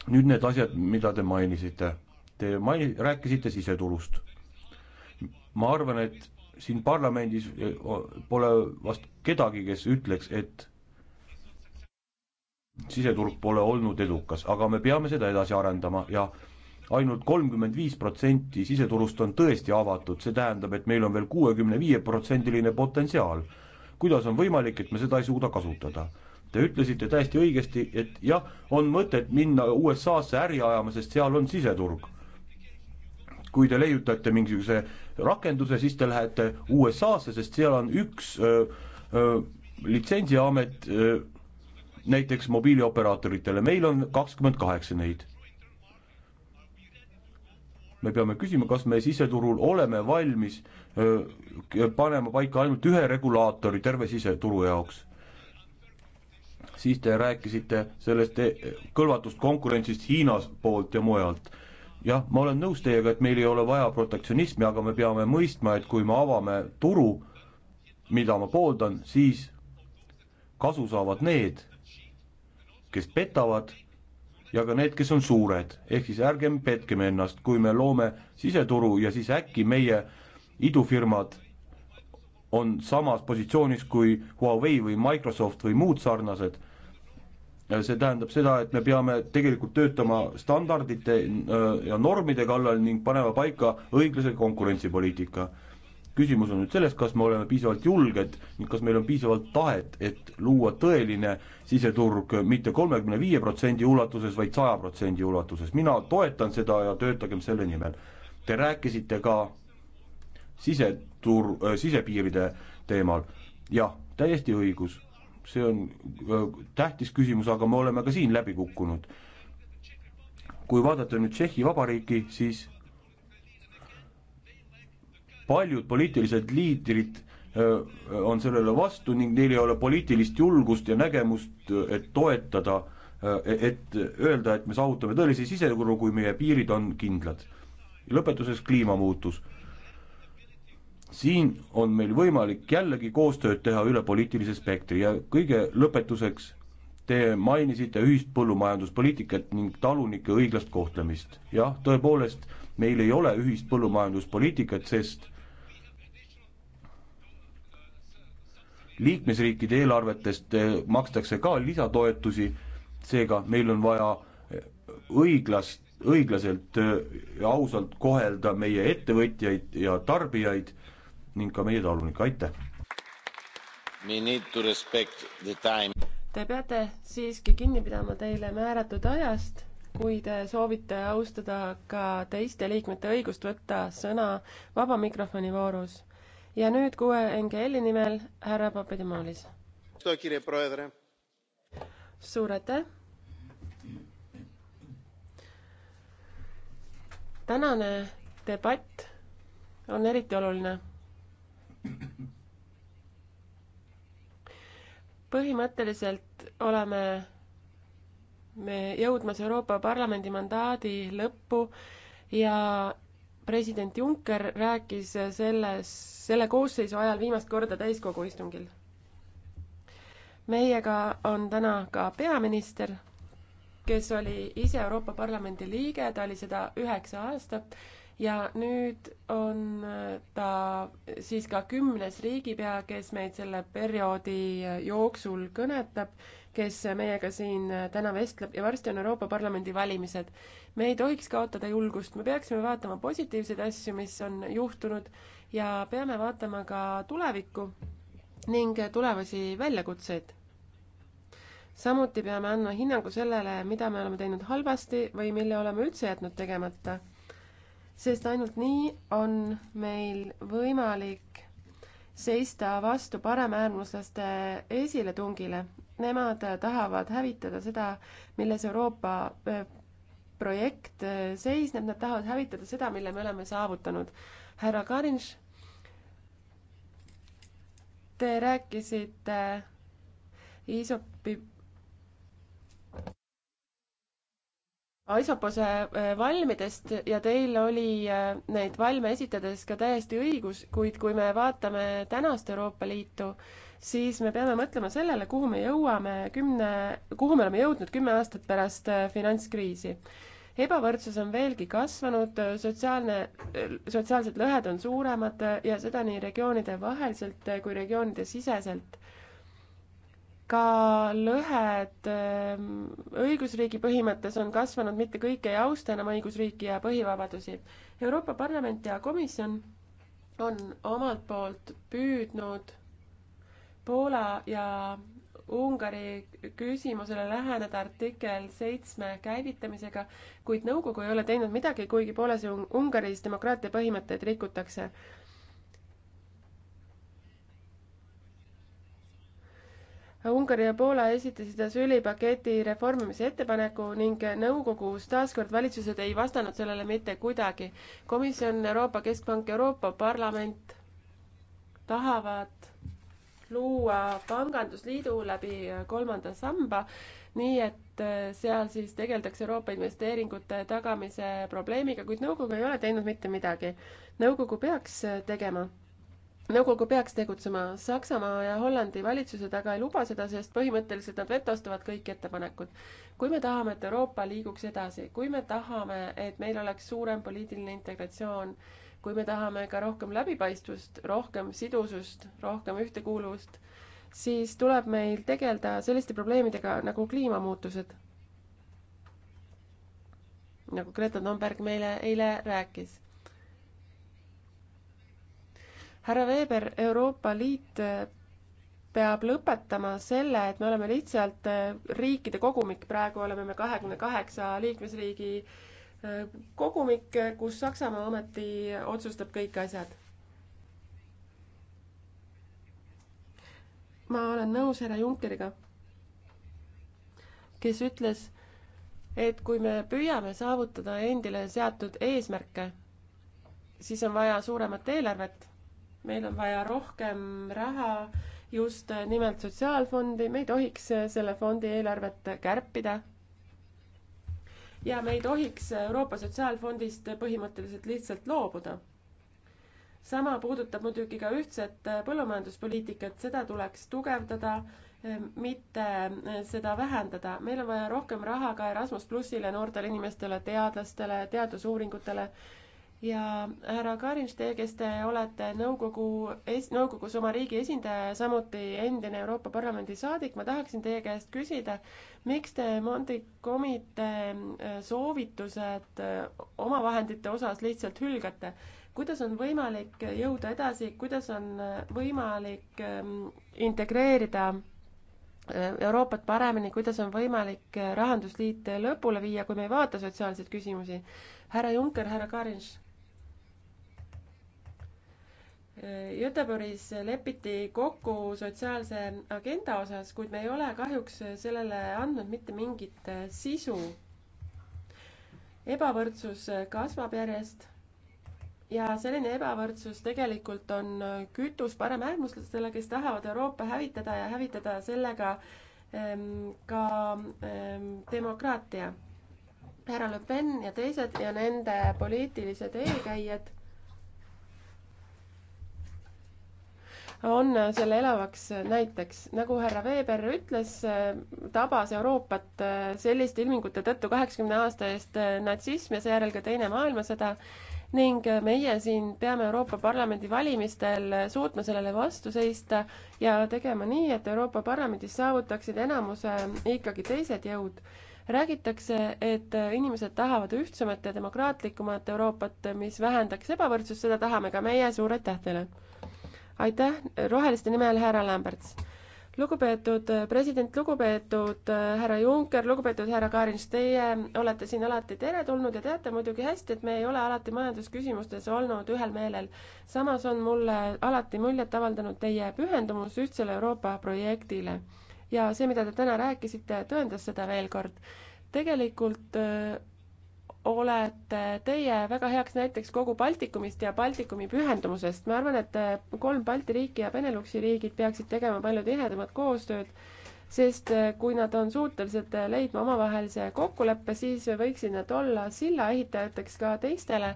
nüüd need asjad, mida te mainisite. Te mai-, rääkisite siseturust ma arvan, et siin parlamendis eh, pole vast kedagi, kes ütleks, et siseturg pole olnud edukas, aga me peame seda edasi arendama ja ainult kolmkümmend viis protsenti siseturust on tõesti avatud, see tähendab, et meil on veel kuuekümne viie protsendiline potentsiaal. kuidas on võimalik, et me seda ei suuda kasutada? Te ütlesite täiesti õigesti, et jah, on mõtet minna USA-sse äri ajama, sest seal on siseturg kui te leiutate mingisuguse rakenduse, siis te lähete USA-sse, sest seal on üks öö, öö, litsentsiamet öö, näiteks mobiilioperaatoritele, meil on kakskümmend kaheksa neid. me peame küsima, kas me siseturul oleme valmis öö, panema paika ainult ühe regulaatori terve siseturu jaoks siis te rääkisite sellest e-, kõlvatust konkurentsist Hiinas poolt ja mujalt jah, ma olen nõus teiega, et meil ei ole vaja protektsionismi, aga me peame mõistma, et kui me avame turu, mida ma pooldan, siis kasu saavad need, kes petavad ja ka need, kes on suured, ehk siis ärgem petkem ennast, kui me loome siseturu ja siis äkki meie idufirmad on samas positsioonis kui Huawei või Microsoft või muud sarnased see tähendab seda, et me peame tegelikult töötama standardite äh, ja normide kallal ning panema paika õiglase konkurentsipoliitika. küsimus on nüüd selles, kas me oleme piisavalt julged ning kas meil on piisavalt tahet, et luua tõeline siseturg mitte kolmekümne viie protsendi ulatuses, vaid saja protsendi ulatuses. mina toetan seda ja töötagem selle nimel. Te rääkisite ka sisetur-, äh, sisepiiride teemal. jah, täiesti õigus see on äh, tähtis küsimus, aga me oleme ka siin läbi kukkunud. kui vaadata nüüd Tšehhi Vabariiki, siis paljud poliitilised liidrid äh, on sellele vastu ning neil ei ole poliitilist julgust ja nägemust, äh, et toetada, et öelda, et me saavutame tõelise siseturu, kui meie piirid on kindlad. lõpetuseks kliimamuutus siin on meil võimalik jällegi koostööd teha üle poliitilise spektri ja kõige lõpetuseks Te mainisite ühist põllumajanduspoliitikat ning talunike õiglast kohtlemist. jah, tõepoolest, meil ei ole ühist põllumajanduspoliitikat, sest liikmesriikide eelarvetest eh, makstakse ka lisatoetusi, seega meil on vaja eh, õiglast, õiglaselt eh, ja ausalt kohelda meie ettevõtjaid ja tarbijaid ning ka meie talunikke, aitäh! Te peate siiski kinni pidama teile määratud ajast, kui te soovite austada ka teiste liikmete õigust võtta sõna vaba mikrofoni voorus. ja nüüd kuue NGL-i nimel härra Papadimoolis. suur aitäh! tänane debatt on eriti oluline põhimõtteliselt oleme me jõudmas Euroopa Parlamendi mandaadi lõppu ja president Juncker rääkis selles, selle koosseisu ajal viimast korda täiskogu istungil. meiega on täna ka peaminister, kes oli ise Euroopa Parlamendi liige, ta oli seda üheksa aastat ja nüüd on ta siis ka kümnes riigipea, kes meid selle perioodi jooksul kõnetab, kes meiega siin täna vestleb ja varsti on Euroopa Parlamendi valimised. me ei tohiks kaotada julgust, me peaksime vaatama positiivseid asju, mis on juhtunud ja peame vaatama ka tulevikku ning tulevasi väljakutseid samuti peame andma hinnangu sellele, mida me oleme teinud halvasti või mille oleme üldse jätnud tegemata sest ainult nii on meil võimalik seista vastu paremäärmuslaste esiletungile. Nemad tahavad hävitada seda, milles Euroopa projekt seisneb, nad tahavad hävitada seda, mille me oleme saavutanud. härra Karinš, te rääkisite Iisopi Aisopose äh, valmidest ja teil oli äh, neid valme esitades ka täiesti õigus, kuid kui me vaatame tänast Euroopa Liitu, siis me peame mõtlema sellele, kuhu me jõuame kümne, kuhu me oleme jõudnud kümme aastat pärast äh, finantskriisi. ebavõrdsus on veelgi kasvanud, sotsiaalne, sotsiaalsed lõhed on suuremad ja seda nii regioonide vaheliselt kui regioonide siseselt ka lõhed ehm, õigusriigi põhimõttes on kasvanud, mitte kõik ei austa enam õigusriiki ja põhivabadusi. Euroopa Parlament ja Komisjon on omalt poolt püüdnud Poola ja Ungari küsimusele läheneda artikkel seitsme käivitamisega, kuid nõukogu ei ole teinud midagi, kuigi Poolas ja Ungaris demokraatia põhimõtteid rikutakse Ungari ja Poola esitasid asüülipaketi reformimise ettepaneku ning nõukogus taaskord valitsused ei vastanud sellele mitte kuidagi. komisjon, Euroopa Keskpank, Euroopa Parlament tahavad luua pangandusliidu läbi kolmanda samba, nii et äh, seal siis tegeldakse Euroopa investeeringute tagamise probleemiga, kuid nõukogu ei ole teinud mitte midagi. nõukogu peaks äh, tegema nõukogu peaks tegutsema. Saksamaa ja Hollandi valitsused aga ei luba seda, sest põhimõtteliselt nad vetostavad kõik ettepanekud. kui me tahame, et Euroopa liiguks edasi, kui me tahame, et meil oleks suurem poliitiline integratsioon, kui me tahame ka rohkem läbipaistvust, rohkem sidusust, rohkem ühtekuuluvust, siis tuleb meil tegeleda selliste probleemidega nagu kliimamuutused. nagu Greta Thunberg meile eile rääkis härra Weber, Euroopa Liit äh, peab lõpetama selle, et me oleme lihtsalt äh, riikide kogumik, praegu oleme me kahekümne kaheksa liikmesriigi äh, kogumik, kus Saksamaa ometi otsustab kõik asjad. ma olen nõus härra Junckeriga, kes ütles, et kui me püüame saavutada endile seatud eesmärke, siis on vaja suuremat eelarvet meil on vaja rohkem raha just nimelt sotsiaalfondi, me ei tohiks selle fondi eelarvet kärpida. ja me ei tohiks Euroopa Sotsiaalfondist põhimõtteliselt lihtsalt loobuda. sama puudutab muidugi ka ühtset põllumajanduspoliitikat, seda tuleks tugevdada, mitte seda vähendada. meil on vaja rohkem raha ka Erasmus plussile, noortele inimestele, teadlastele, teadusuuringutele ja härra Karins, teie, kes te olete nõukogu es-, nõukogus oma riigi esindaja ja samuti endine Euroopa Parlamendi saadik, ma tahaksin teie käest küsida, miks te Monti komitee äh, soovitused äh, omavahendite osas lihtsalt hülgate? kuidas on võimalik jõuda edasi, kuidas on äh, võimalik ähm, integreerida Euroopat paremini, kuidas on võimalik Rahandusliit lõpule viia, kui me ei vaata sotsiaalseid küsimusi? härra Juncker, härra Karins Göteborgis lepiti kokku sotsiaalse agenda osas, kuid me ei ole kahjuks sellele andnud mitte mingit sisu. ebavõrdsus kasvab järjest ja selline ebavõrdsus tegelikult on kütus paremäärmuslastele, kes tahavad Euroopa hävitada ja hävitada sellega ähm, ka ähm, demokraatia. härra Le Pen ja teised ja nende poliitilised eelkäijad on selle elavaks näiteks. nagu härra Weber ütles, äh, tabas Euroopat äh, selliste ilmingute tõttu kaheksakümne aasta eest äh, natsism ja seejärel ka Teine maailmasõda ning meie siin peame Euroopa Parlamendi valimistel suutma sellele vastu seista ja tegema nii, et Euroopa Parlamendis saavutaksid enamuse ikkagi teised jõud. räägitakse, et inimesed tahavad ühtsemat ja demokraatlikumat Euroopat, mis vähendaks ebavõrdsust, seda tahame ka meie, suur aitäh teile! aitäh, roheliste nimel härra Lamberts. lugupeetud president, lugupeetud äh, härra Juncker, lugupeetud härra Karins, teie olete siin alati teretulnud ja teate muidugi hästi, et me ei ole alati majandusküsimustes olnud ühel meelel. samas on mulle alati muljet avaldanud teie pühendumus ühtsele Euroopa projektile. ja see, mida te täna rääkisite, tõendas seda veel kord tegelikult äh, olete teie väga heaks näiteks kogu Baltikumist ja Baltikumi pühendumusest. ma arvan, et kolm Balti riiki ja Beneluxi riigid peaksid tegema palju tihedamat koostööd, sest kui nad on suutelised leidma omavahelise kokkuleppe, siis võiksid nad olla sillaehitajateks ka teistele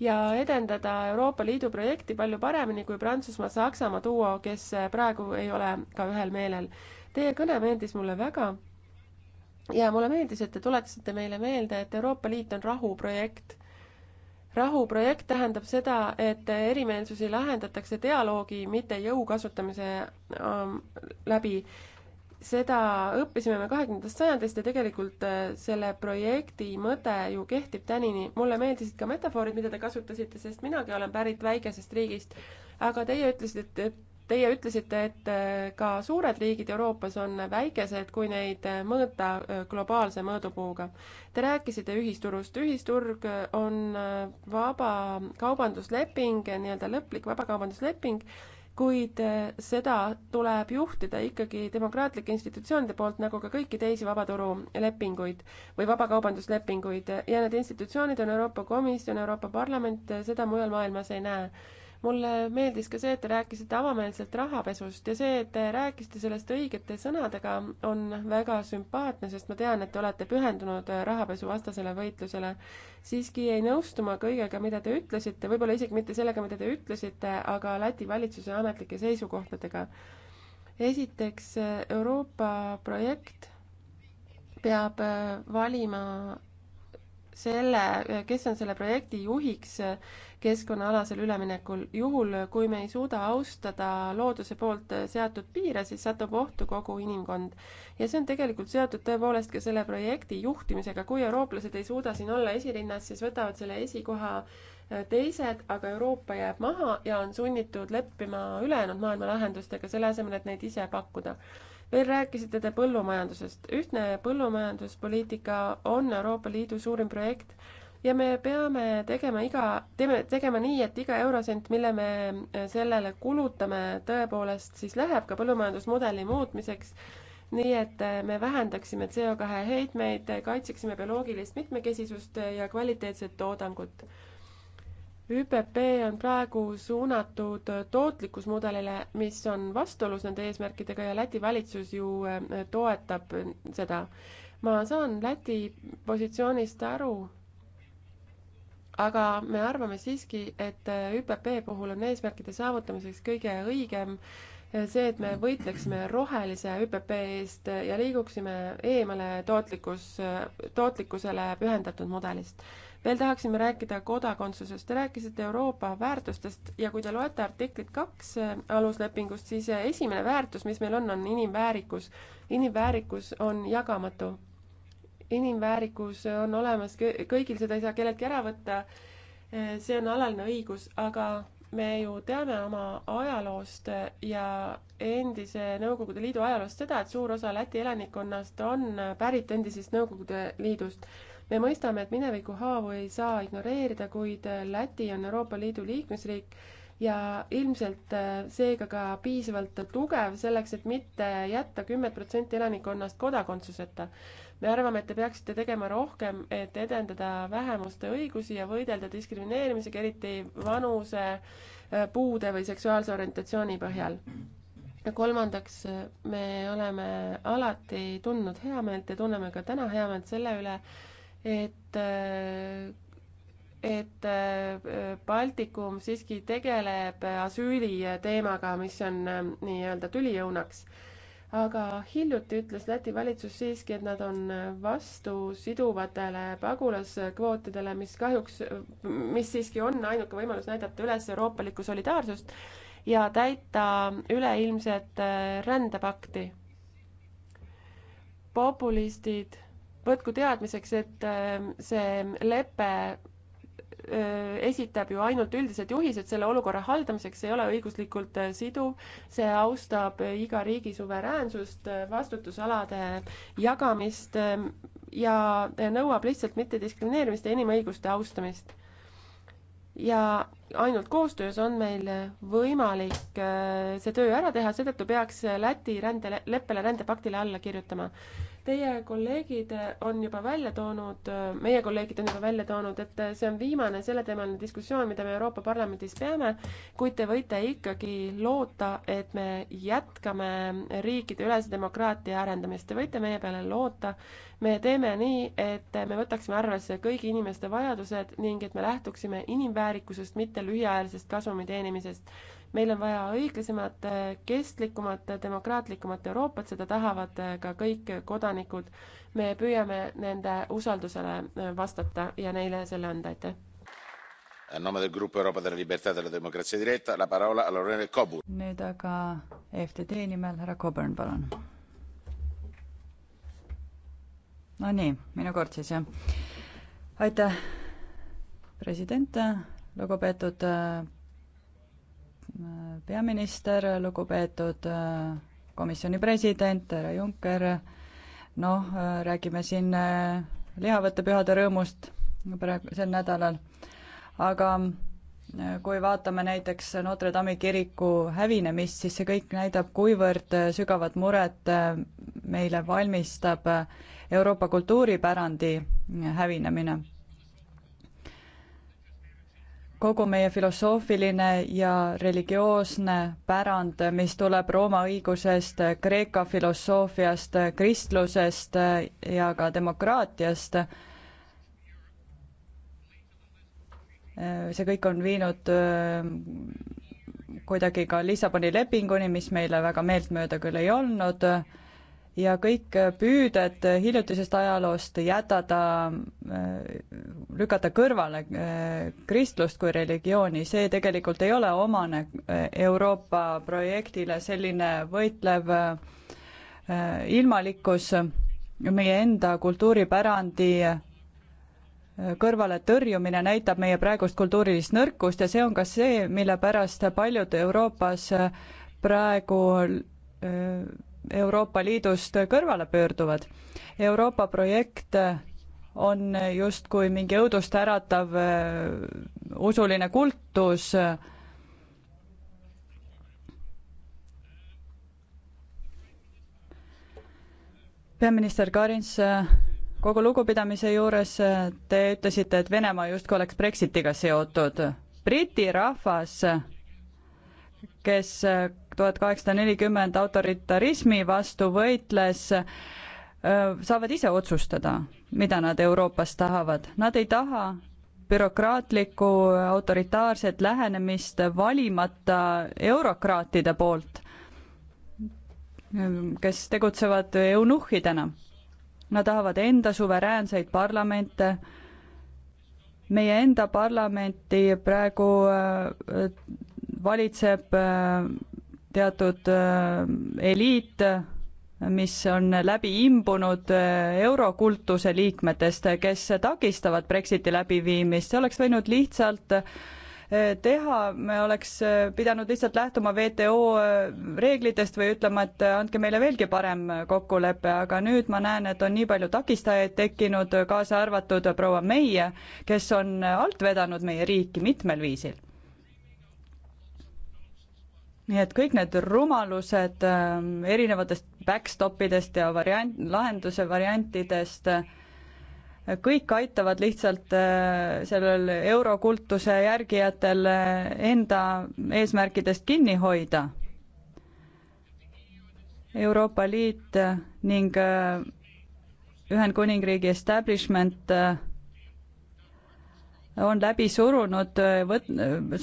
ja edendada Euroopa Liidu projekti palju paremini kui Prantsusmaa, Saksamaa duo, kes praegu ei ole ka ühel meelel. Teie kõne meeldis mulle väga ja mulle meeldis, et te tuletasite meile meelde, et Euroopa Liit on rahuprojekt. rahuprojekt tähendab seda, et erimeelsusi lahendatakse dialoogi, mitte jõu kasutamise ähm, läbi seda õppisime me kahekümnendast sajandist ja tegelikult äh, selle projekti mõte ju kehtib tänini. mulle meeldisid ka metafoorid, mida te kasutasite, sest minagi olen pärit väikesest riigist. aga teie ütlesite, et, et Teie ütlesite, et äh, ka suured riigid Euroopas on väikesed, kui neid äh, mõõta äh, globaalse mõõdupuuga. Te rääkisite ühisturust. ühisturg on vaba kaubandusleping, nii-öelda lõplik vabakaubandusleping, kuid seda tuleb juhtida ikkagi demokraatlike institutsioonide poolt, nagu ka kõiki teisi vabaturulepinguid või vabakaubanduslepinguid ja need institutsioonid on Euroopa Komisjon, Euroopa Parlament, seda mujal maailmas ei näe mulle meeldis ka see, et te rääkisite avameelselt rahapesust ja see, et te rääkisite sellest õigete sõnadega, on väga sümpaatne, sest ma tean, et te olete pühendunud rahapesuvastasele võitlusele. siiski ei nõustu ma kõigega, mida te ütlesite, võib-olla isegi mitte sellega, mida te ütlesite, aga Läti valitsuse ametlike seisukohtadega. esiteks, Euroopa projekt peab valima selle, kes on selle projekti juhiks keskkonnaalasel üleminekul. juhul, kui me ei suuda austada looduse poolt seatud piire, siis satub ohtu kogu inimkond. ja see on tegelikult seotud tõepoolest ka selle projekti juhtimisega. kui eurooplased ei suuda siin olla esirinnas, siis võtavad selle esikoha teised, aga Euroopa jääb maha ja on sunnitud leppima ülejäänud maailma lahendustega, selle asemel, et neid ise pakkuda veel rääkisite te põllumajandusest. ühtne põllumajanduspoliitika on Euroopa Liidu suurim projekt ja me peame tegema iga, teeme, tegema nii, et iga eurosent, mille me sellele kulutame, tõepoolest siis läheb ka põllumajandusmudeli muutmiseks, nii et me vähendaksime CO2 heitmeid, kaitseksime bioloogilist mitmekesisust ja kvaliteetset toodangut ÜPP on praegu suunatud tootlikkusmudelile, mis on vastuolus nende eesmärkidega ja Läti valitsus ju äh, toetab seda. ma saan Läti positsioonist aru, aga me arvame siiski, et äh, ÜPP puhul on eesmärkide saavutamiseks kõige õigem äh, see, et me võitleksime rohelise ÜPP eest ja liiguksime eemale tootlikkus, tootlikkusele pühendatud mudelist veel tahaksime rääkida kodakondsusest. Te rääkisite Euroopa väärtustest ja kui te loete artiklit kaks äh, aluslepingust, siis äh, esimene väärtus, mis meil on, on inimväärikus. inimväärikus on jagamatu. inimväärikus on olemas kõigil, seda ei saa kelleltki ära võtta. Äh, see on alaline õigus, aga me ju teame oma ajaloost ja endise Nõukogude Liidu ajaloost seda, et suur osa Läti elanikkonnast on pärit endisest Nõukogude Liidust. me mõistame, et mineviku haavu ei saa ignoreerida, kuid Läti on Euroopa Liidu liikmesriik ja ilmselt äh, seega ka piisavalt tugev selleks, et mitte jätta kümmet protsenti elanikkonnast kodakondsuseta. me arvame, et te peaksite tegema rohkem, et edendada vähemuste õigusi ja võidelda diskrimineerimisega, eriti vanuse, äh, puude või seksuaalse orientatsiooni põhjal ja kolmandaks, me oleme alati tundnud heameelt ja tunneme ka täna heameelt selle üle, et et Baltikum siiski tegeleb asüüli teemaga, mis on nii-öelda tüliõunaks. aga hiljuti ütles Läti valitsus siiski, et nad on vastu siduvatele pagulaskvootidele, mis kahjuks, mis siiski on ainuke võimalus näidata üles euroopalikku solidaarsust ja täita üleilmset äh, rändepakti. populistid, võtku teadmiseks, et äh, see lepe äh, esitab ju ainult üldised juhised selle olukorra haldamiseks, see ei ole õiguslikult siduv, see austab iga riigi suveräänsust, vastutusalade jagamist ja nõuab lihtsalt mittediskrimineerimist ja inimõiguste austamist ja ainult koostöös on meil võimalik äh, see töö ära teha, seetõttu peaks Läti rändeleppele, rändepaktile alla kirjutama. Teie kolleegid on juba välja toonud, meie kolleegid on juba välja toonud, et see on viimane selleteemaline diskussioon, mida me Euroopa Parlamendis peame, kuid te võite ikkagi loota, et me jätkame riikide ülese demokraatia arendamist, te võite meie peale loota me teeme nii, et me võtaksime arvesse kõigi inimeste vajadused ning et me lähtuksime inimväärikusest, mitte lühiajalisest kasumi teenimisest. meil on vaja õiglasemat, kestlikumat, demokraatlikumat Euroopat, seda tahavad ka kõik kodanikud. me püüame nende usaldusele vastata ja neile selle anda, aitäh! E nüüd aga FTD nimel härra Coburn, palun! Nonii, minu kord siis jah. aitäh, president, lugupeetud äh, peaminister, lugupeetud äh, komisjoni president, härra Juncker, noh, äh, räägime siin lihavõttepühade rõõmust praegu sel nädalal, aga kui vaatame näiteks Notre Dame'i kiriku hävinemist, siis see kõik näitab, kuivõrd sügavat muret meile valmistab Euroopa kultuuripärandi hävinemine. kogu meie filosoofiline ja religioosne pärand, mis tuleb Rooma õigusest, Kreeka filosoofiast, kristlusest ja ka demokraatiast, see kõik on viinud äh, kuidagi ka Lissaboni lepinguni, mis meile väga meeltmööda küll ei olnud, ja kõik püüded hiljutisest ajaloost jätada, äh, lükata kõrvale äh, kristlust kui religiooni, see tegelikult ei ole omane äh, Euroopa projektile, selline võitlev ilmalikkus, meie enda kultuuripärandi kõrvaletõrjumine näitab meie praegust kultuurilist nõrkust ja see on ka see, mille pärast paljud Euroopas praegu Euroopa Liidust kõrvale pöörduvad. Euroopa projekt on justkui mingi õudust äratav äh, usuline kultus. peaminister Karins, äh, kogu lugupidamise juures äh, te ütlesite, et Venemaa justkui oleks Brexitiga seotud. Briti rahvas, kes tuhat kaheksasada nelikümmend autoritarismi vastu võitles, saavad ise otsustada, mida nad Euroopas tahavad. Nad ei taha bürokraatlikku autoritaarset lähenemist valimata eurokraatide poolt, kes tegutsevad eunuhhidena. Nad tahavad enda suveräänseid parlamente, meie enda parlamenti praegu valitseb teatud äh, eliit, mis on läbi imbunud äh, eurokultuse liikmetest, kes takistavad Brexiti läbiviimist, see oleks võinud lihtsalt äh, teha, me oleks pidanud lihtsalt lähtuma WTO reeglitest või ütlema, et andke meile veelgi parem kokkulepe, aga nüüd ma näen, et on nii palju takistajaid tekkinud, kaasa arvatud proua May, kes on alt vedanud meie riiki mitmel viisil nii et kõik need rumalused ähm, erinevatest backstopidest ja variant, lahenduse variantidest, äh, kõik aitavad lihtsalt äh, sellel eurokultuse järgijatel enda eesmärkidest kinni hoida. Euroopa Liit äh, ning Ühendkuningriigi establishment on läbi surunud võt-,